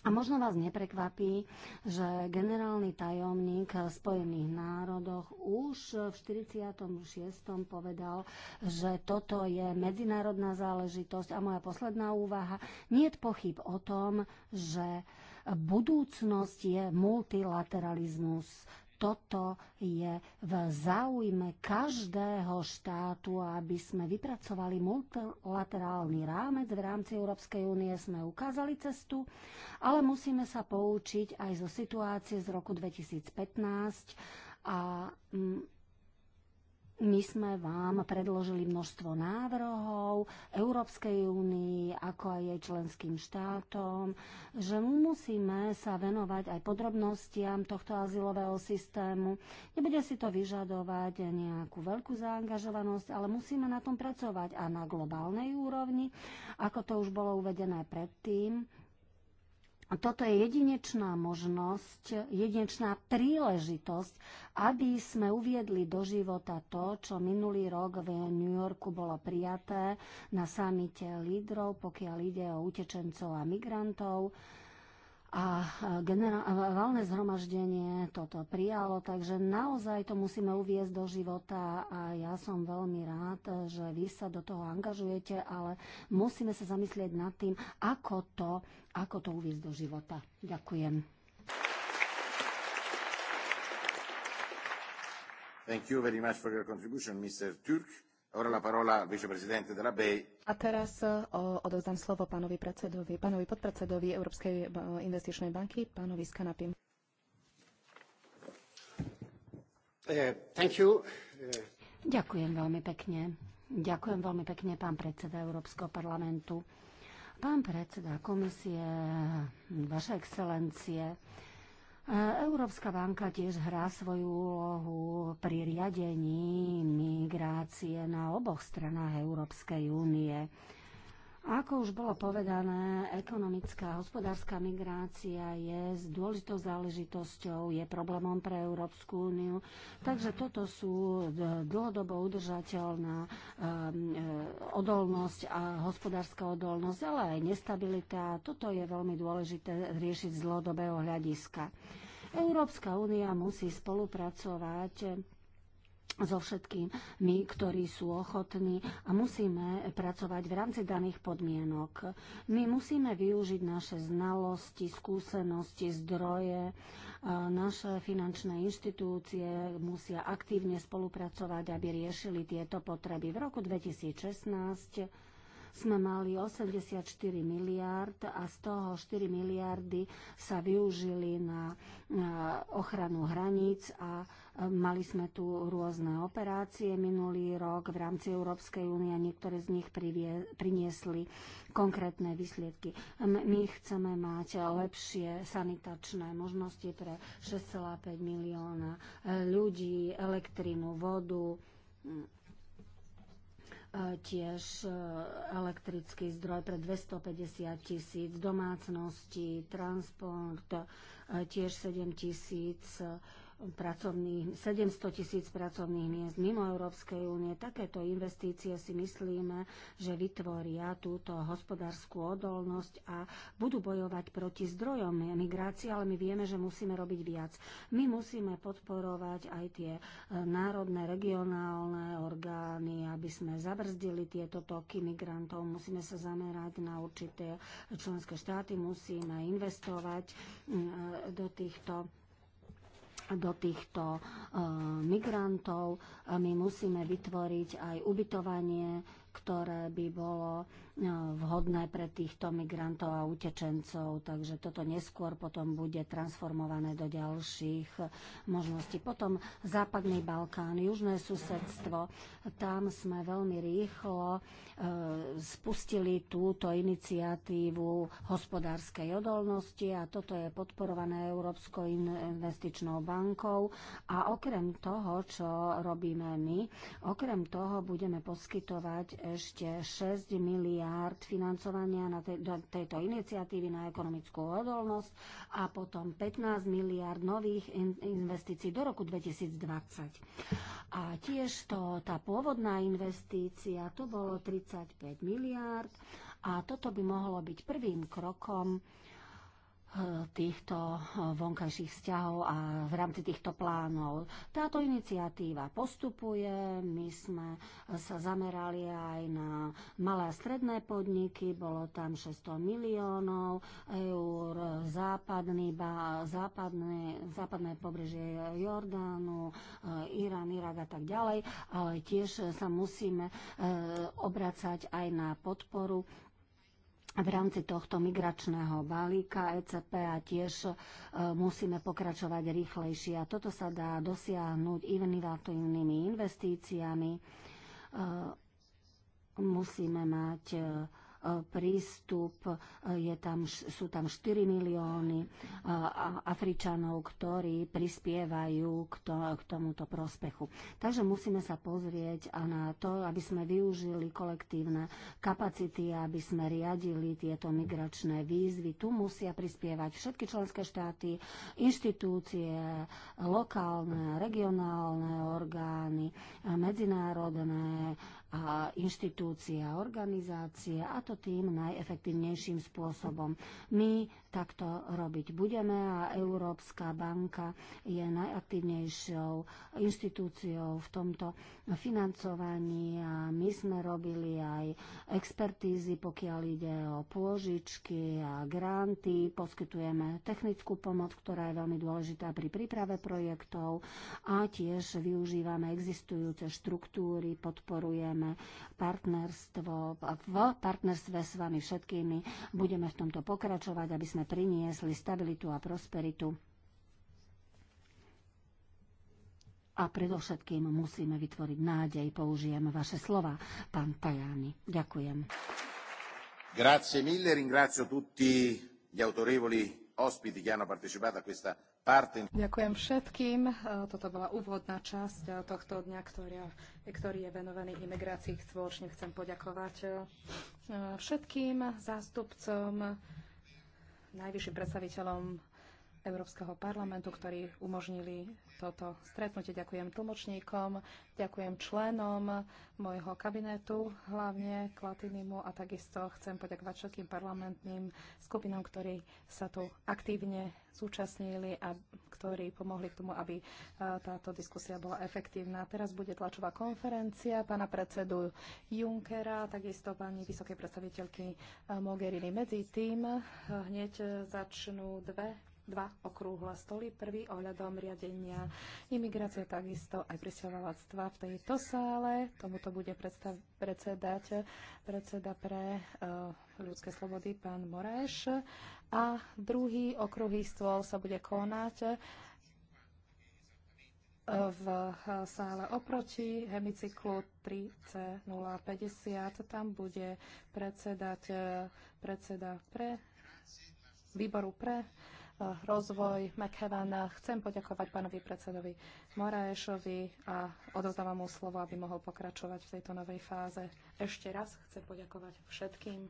A možno vás neprekvapí, že generálny tajomník Spojených národoch už v 46. povedal, že toto je medzinárodná záležitosť. A moja posledná úvaha, nie je pochyb o tom, že budúcnosť je multilateralizmus toto je v záujme každého štátu, aby sme vypracovali multilaterálny rámec v rámci Európskej únie, sme ukázali cestu, ale musíme sa poučiť aj zo situácie z roku 2015 a mm, my sme vám predložili množstvo návrhov Európskej únii, ako aj jej členským štátom, že musíme sa venovať aj podrobnostiam tohto azylového systému. Nebude si to vyžadovať nejakú veľkú zaangažovanosť, ale musíme na tom pracovať a na globálnej úrovni, ako to už bolo uvedené predtým a toto je jedinečná možnosť, jedinečná príležitosť, aby sme uviedli do života to, čo minulý rok v New Yorku bolo prijaté na samite lídrov, pokiaľ ide o utečencov a migrantov a generálne zhromaždenie toto prijalo, takže naozaj to musíme uviezť do života a ja som veľmi rád, že vy sa do toho angažujete, ale musíme sa zamyslieť nad tým, ako to, ako to uviezť do života. Ďakujem. Thank you very much for your contribution, Mr. Turk. A teraz eh, odovzdám slovo pánovi, predsedovi, pánovi podpredsedovi Európskej eh, investičnej banky, pánovi Skanapim. Eh, Ďakujem veľmi pekne. Ďakujem veľmi pekne, pán predseda Európskeho parlamentu. Pán predseda komisie, vaše excelencie, E, Európska banka tiež hrá svoju úlohu pri riadení migrácie na oboch stranách Európskej únie. Ako už bolo povedané, ekonomická a hospodárska migrácia je s dôležitou záležitosťou, je problémom pre Európsku úniu. Takže toto sú e, dlhodobo udržateľná e, e, odolnosť a hospodárska odolnosť, ale aj nestabilita. Toto je veľmi dôležité riešiť z dlhodobého hľadiska. Európska únia musí spolupracovať so všetkými, ktorí sú ochotní a musíme pracovať v rámci daných podmienok. My musíme využiť naše znalosti, skúsenosti, zdroje. Naše finančné inštitúcie musia aktívne spolupracovať, aby riešili tieto potreby. V roku 2016 sme mali 84 miliárd a z toho 4 miliardy sa využili na, ochranu hraníc a Mali sme tu rôzne operácie minulý rok v rámci Európskej únie a niektoré z nich priniesli konkrétne výsledky. My chceme mať lepšie sanitačné možnosti pre 6,5 milióna ľudí, elektrínu, vodu, tiež e, elektrický zdroj pre 250 tisíc domácností, transport e, tiež 7 tisíc pracovných, 700 tisíc pracovných miest mimo Európskej únie. Takéto investície si myslíme, že vytvoria túto hospodárskú odolnosť a budú bojovať proti zdrojom migrácie, ale my vieme, že musíme robiť viac. My musíme podporovať aj tie e, národné, regionálne orgány, aby sme zabrzdili tieto toky migrantov. Musíme sa zamerať na určité členské štáty, musíme investovať e, do týchto do týchto e, migrantov. My musíme vytvoriť aj ubytovanie, ktoré by bolo vhodné pre týchto migrantov a utečencov, takže toto neskôr potom bude transformované do ďalších možností. Potom Západný Balkán, južné susedstvo, tam sme veľmi rýchlo e, spustili túto iniciatívu hospodárskej odolnosti a toto je podporované Európskou investičnou bankou a okrem toho, čo robíme my, okrem toho budeme poskytovať ešte 6 miliard štart financovania na te, do tejto iniciatívy na ekonomickú odolnosť a potom 15 miliard nových in, investícií do roku 2020. A tiež to, tá pôvodná investícia, to bolo 35 miliard a toto by mohlo byť prvým krokom týchto eh, vonkajších vzťahov a v rámci týchto plánov. Táto iniciatíva postupuje, my sme eh, sa zamerali aj na malé a stredné podniky, bolo tam 600 miliónov eur, západný, ba, západné, západné pobrežie Jordánu, eh, Irán, Irak a tak ďalej, ale tiež sa musíme obracať aj na podporu v rámci tohto migračného balíka ECP a tiež e, musíme pokračovať rýchlejšie. A toto sa dá dosiahnuť inovatívnymi investíciami. E, musíme mať e, E, prístup. E, je tam, sú tam 4 milióny e, Afričanov, ktorí prispievajú k, tomuto prospechu. Takže musíme sa pozrieť a na to, aby sme využili kolektívne kapacity, aby sme riadili tieto migračné výzvy. Tu musia prispievať všetky členské štáty, inštitúcie, lokálne, regionálne orgány, medzinárodné a inštitúcie a organizácie a to tým najefektívnejším spôsobom. My takto robiť budeme a Európska banka je najaktívnejšou inštitúciou v tomto financovaní a my sme robili aj expertízy, pokiaľ ide o pôžičky a granty, poskytujeme technickú pomoc, ktorá je veľmi dôležitá pri príprave projektov a tiež využívame existujúce štruktúry, podporujeme máme partnerstvo, v partnerstve s vami všetkými budeme v tomto pokračovať, aby sme priniesli stabilitu a prosperitu. A predovšetkým musíme vytvoriť nádej, použijem vaše slova, pán Tajani. Ďakujem. Grazie mille, ringrazio tutti gli autorevoli ospiti che hanno partecipato a questa Ďakujem všetkým. E, Toto bola úvodná časť e, tohto dňa, ktorý, e, ktorý je venovaný imigrácii. Spoločne chcem poďakovať všetkým zástupcom, najvyšším predstaviteľom Európskeho parlamentu, ktorí umožnili toto stretnutie. Ďakujem tlmočníkom, ďakujem členom môjho kabinetu, hlavne Klatinimu a takisto chcem poďakovať všetkým parlamentným skupinám, ktorí sa tu aktívne zúčastnili a ktorí pomohli k tomu, aby e, táto diskusia bola efektívna. Teraz bude tlačová konferencia pána predsedu Junckera, takisto pani vysokej predstaviteľky e, Mogherini. Medzi tým e, hneď začnú dve dva okrúhle stoly. Prvý ohľadom riadenia imigrácie, takisto aj prisťahovalectva v tejto sále. Tomuto bude predsedať predseda pre uh, ľudské slobody pán Moreš. A druhý okrúhý stôl sa bude konať eh, v sále oproti hemicyklu 3C050. Tam bude predsedať eh, predseda pre výboru pre Eh, rozvoj McHevana. Chcem poďakovať pánovi predsedovi Moraešovi a odozdávam mu slovo, aby mohol pokračovať v tejto novej fáze. Ešte raz chcem poďakovať všetkým.